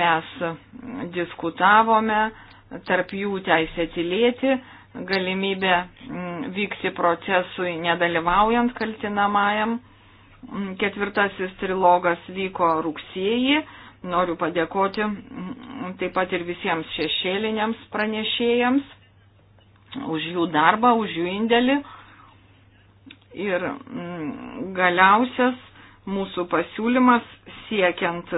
mes diskutavome, tarp jų teisė tylėti, galimybė vykti procesui nedalyvaujant kaltinamajam. Ketvirtasis trilogas vyko rugsėjį Noriu padėkoti taip pat ir visiems šešėliniams pranešėjams už jų darbą, už jų indėlį. Ir mm, galiausias mūsų pasiūlymas siekiant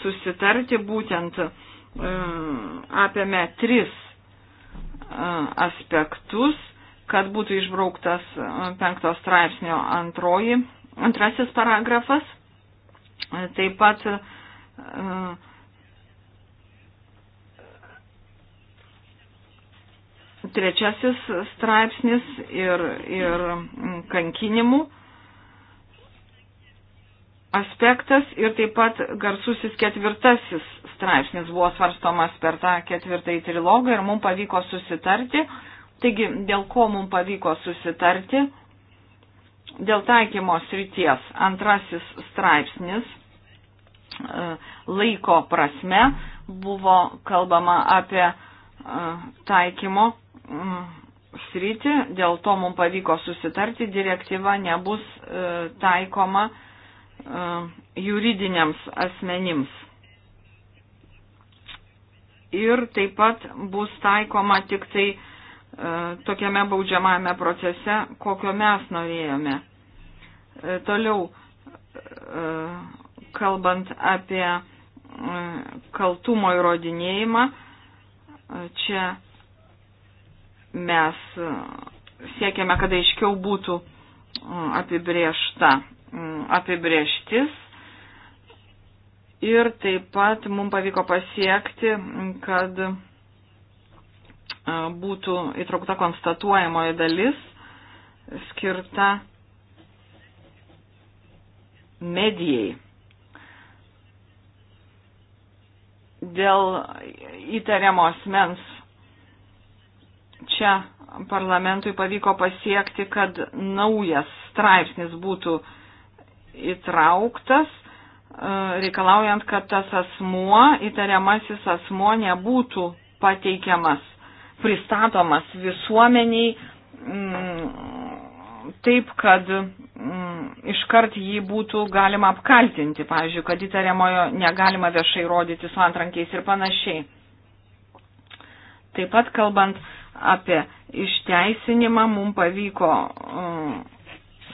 susitarti būtent mm, apėmė tris e, aspektus, kad būtų išbrauktas e, penktos straipsnio antroji, antrasis paragrafas. E, taip pat trečiasis straipsnis ir, ir kankinimų aspektas ir taip pat garsusis ketvirtasis straipsnis buvo svarstomas per tą ketvirtąjį trilogą ir mums pavyko susitarti. Taigi, dėl ko mums pavyko susitarti? Dėl taikymo srities antrasis straipsnis E, laiko prasme buvo kalbama apie e, taikymo sritį, dėl to mums pavyko susitarti, direktyva nebus e, taikoma juridiniams asmenims. Ir taip pat bus taikoma tik tai tokiame baudžiamame procese, kokio mes norėjome. Toliau kalbant apie mm, kaltumo įrodinėjimą, čia mes mm, siekiame, kad aiškiau būtų mm, apibriešta apibrieštis. Ir taip pat mums pavyko pasiekti, kad būtų įtraukta konstatuojamoji dalis skirta medijai. dėl įtariamo asmens. Čia parlamentui pavyko pasiekti, kad naujas straipsnis būtų įtrauktas, e, reikalaujant, kad tas asmuo, įtariamasis asmuo nebūtų pateikiamas, pristatomas visuomeniai mm, taip, kad Mm, iškart jį būtų galima apkaltinti, pavyzdžiui, kad įtariamojo negalima viešai rodyti su antrankiais ir panašiai. Taip pat kalbant apie išteisinimą, mums pavyko mm,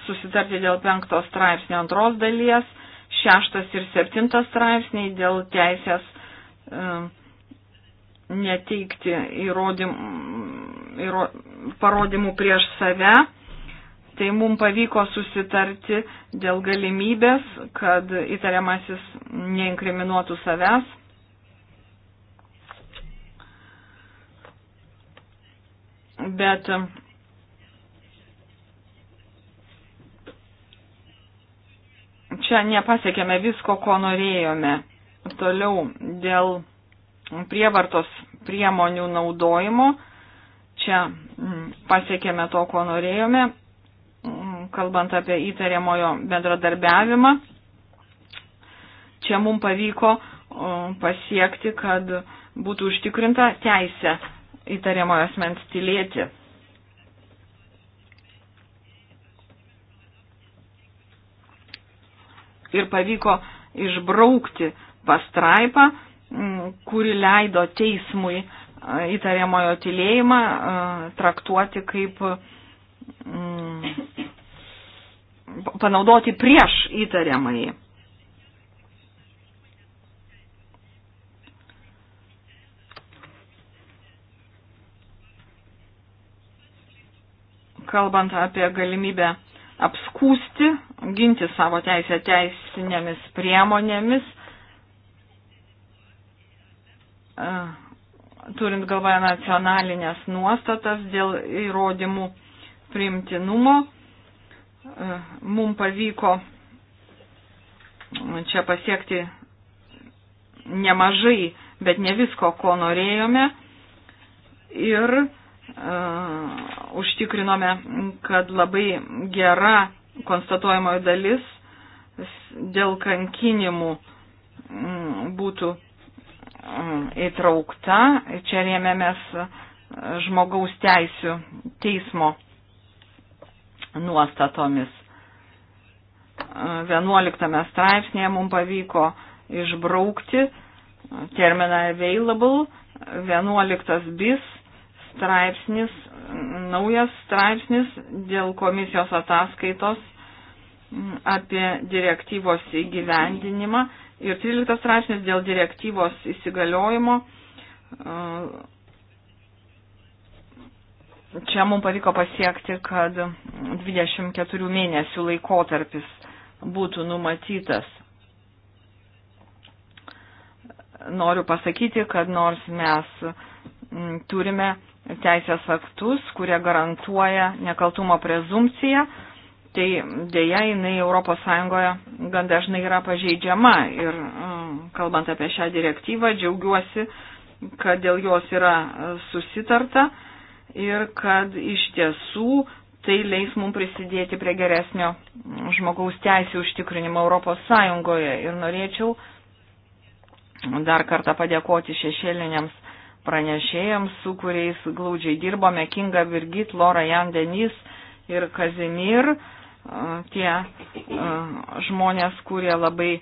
susitarti dėl penktos straipsnio antros dalies, šeštas ir septintas straipsniai dėl teisės mm, neteikti įrodym, įro, parodymų prieš save tai mums pavyko susitarti dėl galimybės, kad įtariamasis neinkriminuotų savęs. Bet čia nepasiekėme visko, ko norėjome. Toliau dėl prievartos priemonių naudojimo. Čia pasiekėme to, ko norėjome kalbant apie įtariamojo bendradarbiavimą. Čia mums pavyko pasiekti, kad būtų užtikrinta teisė įtariamojo asmens tylėti. Ir pavyko išbraukti pastraipą, kuri leido teismui įtariamojo tylėjimą traktuoti kaip panaudoti prieš įtariamąjį. Kalbant apie galimybę apskūsti, ginti savo teisę teisinėmis priemonėmis, e, turint galvoje nacionalinės nuostatas dėl įrodymų priimtinumo, mums pavyko čia pasiekti nemažai, bet ne visko, ko norėjome. Ir e, užtikrinome, kad labai gera konstatuojamoji dalis dėl kankinimų būtų įtraukta. Čia rėmėmės e, žmogaus teisų teismo nuostatomis. 11 straipsnėje mums pavyko išbraukti terminą available, 11 bis straipsnis, naujas straipsnis dėl komisijos ataskaitos apie direktyvos įgyvendinimą ir 13 straipsnis dėl direktyvos įsigaliojimo čia mums pavyko pasiekti, kad 24 mėnesių laikotarpis būtų numatytas. Noriu pasakyti, kad nors mes turime teisės aktus, kurie garantuoja nekaltumo prezumciją, tai dėja jinai ES gan dažnai yra pažeidžiama. Ir kalbant apie šią direktyvą, džiaugiuosi, kad dėl jos yra susitarta ir kad iš tiesų tai leis mums prisidėti prie geresnio žmogaus teisų užtikrinimo Europos Sąjungoje. Ir norėčiau dar kartą padėkoti šešėliniams pranešėjams, su kuriais glaudžiai dirbome, Kinga Virgit, Lora Jandenis ir Kazimir, tie e, žmonės, kurie labai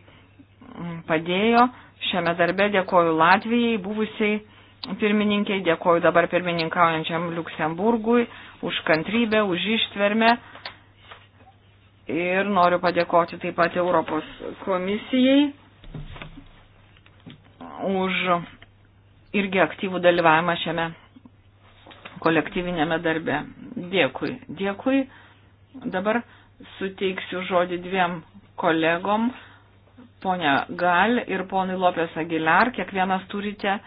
padėjo šiame darbe, dėkoju Latvijai, buvusiai pirmininkiai, dėkoju dabar pirmininkaujančiam Luksemburgui už kantrybę, už ištvermę ir noriu padėkoti taip pat Europos komisijai už irgi aktyvų dalyvavimą šiame kolektyvinėme darbe. Dėkui. Dėkui. Dabar suteiksiu žodį dviem kolegom, ponia Gal ir ponui Lopės Aguilar. Kiekvienas turite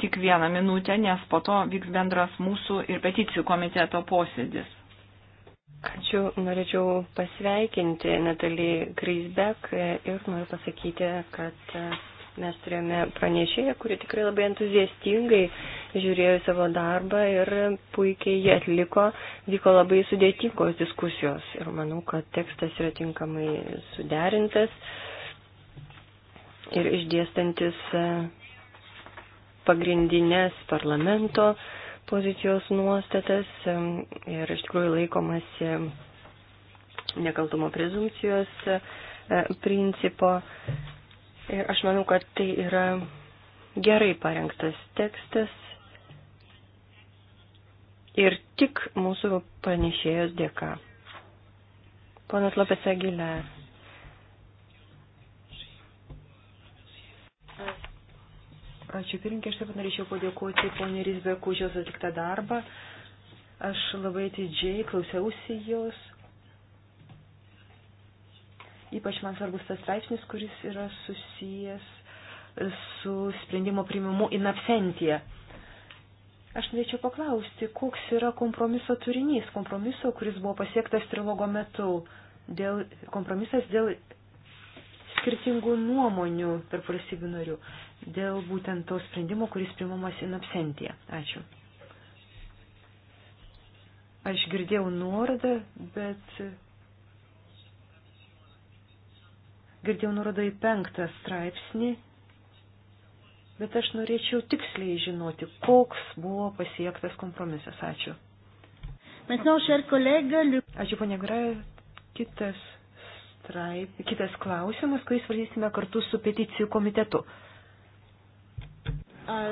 tik vieną minutę, nes po to vyks bendras mūsų ir peticijų komiteto posėdis. Ačiū, norėčiau pasveikinti Natalį Grisbek ir noriu pasakyti, kad e, mes turėjome pranešėją, kuri tikrai labai entuziastingai žiūrėjo į savo darbą ir puikiai jį atliko. Vyko labai sudėtingos diskusijos ir manau, kad tekstas yra tinkamai suderintas ir išdėstantis e, pagrindinės parlamento pozicijos nuostatas ir iš tikrųjų laikomasi nekaltumo prezumcijos e, principo. Ir aš manau, kad tai yra gerai parengtas tekstas ir tik mūsų pranešėjos dėka. Ponas Lopes Agilė. Ačiū pirinkė, aš taip pat norėčiau padėkoti ponė Rizbek už jos atliktą darbą. Aš labai atidžiai klausiausi jos. Ypač man svarbus tas straipsnis, kuris yra susijęs su sprendimo primimu in absentie. Aš norėčiau paklausti, koks yra kompromiso turinys, kompromiso, kuris buvo pasiektas trilogo metu, dėl, kompromisas dėl skirtingų nuomonių tarp valstybių narių dėl būtent to sprendimo, kuris primamas in absentie. Ačiū. Aš girdėjau nuorodą, bet girdėjau nuorodą į penktą straipsnį, bet aš norėčiau tiksliai žinoti, koks buvo pasiektas kompromisas. Ačiū. Ačiū, ponia Graja. Kitas straip, kitas klausimas, kurį svarstysime kartu su peticijų komitetu. Uh,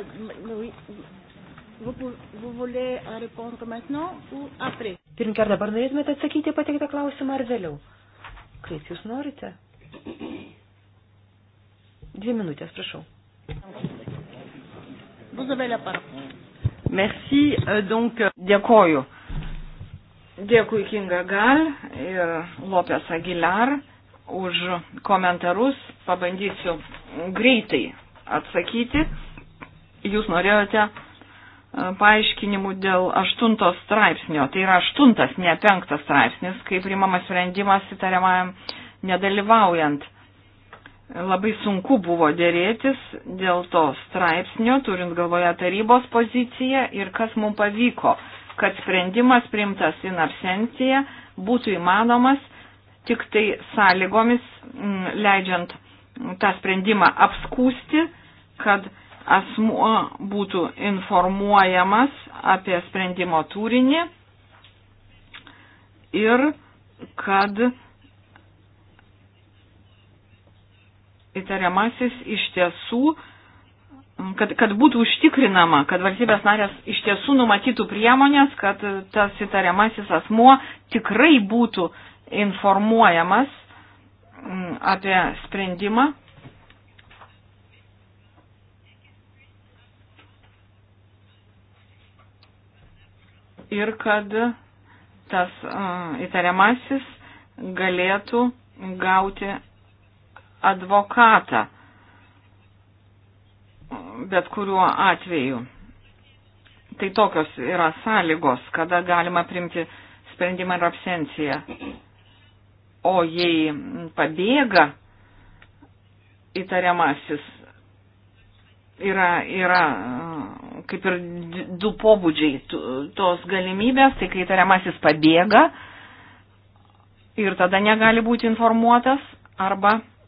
oui. Uh, Pirmkė, ar dabar norėtumėte atsakyti pateiktą klausimą ar vėliau? Kaip jūs norite? Dvi minutės, prašau. Merci, euh, donc, euh, dėkoju. Dėkui Kinga Gal ir Lopės Aguilar už komentarus. Pabandysiu greitai atsakyti. Jūs norėjote e, paaiškinimų dėl aštuntos straipsnio. Tai yra aštuntas, ne penktas straipsnis, kai primamas sprendimas įtariamajam nedalyvaujant. Labai sunku buvo dėrėtis dėl to straipsnio, turint galvoje tarybos poziciją ir kas mums pavyko kad sprendimas priimtas in absencija būtų įmanomas tik tai sąlygomis mm, leidžiant tą sprendimą apskūsti, kad asmuo būtų informuojamas apie sprendimo turinį ir kad įtariamasis iš tiesų kad, kad būtų užtikrinama, kad valstybės narės iš tiesų numatytų priemonės, kad tas įtariamasis asmuo tikrai būtų informuojamas mm, apie sprendimą. Ir kad tas uh, įtariamasis galėtų gauti advokatą. Uh, bet kuriuo atveju. Tai tokios yra sąlygos, kada galima primti sprendimą ir absenciją. O jei pabėga įtariamasis, yra, yra uh, kaip ir du pobūdžiai tos galimybės, tai kai įtariamasis pabėga ir tada negali būti informuotas, arba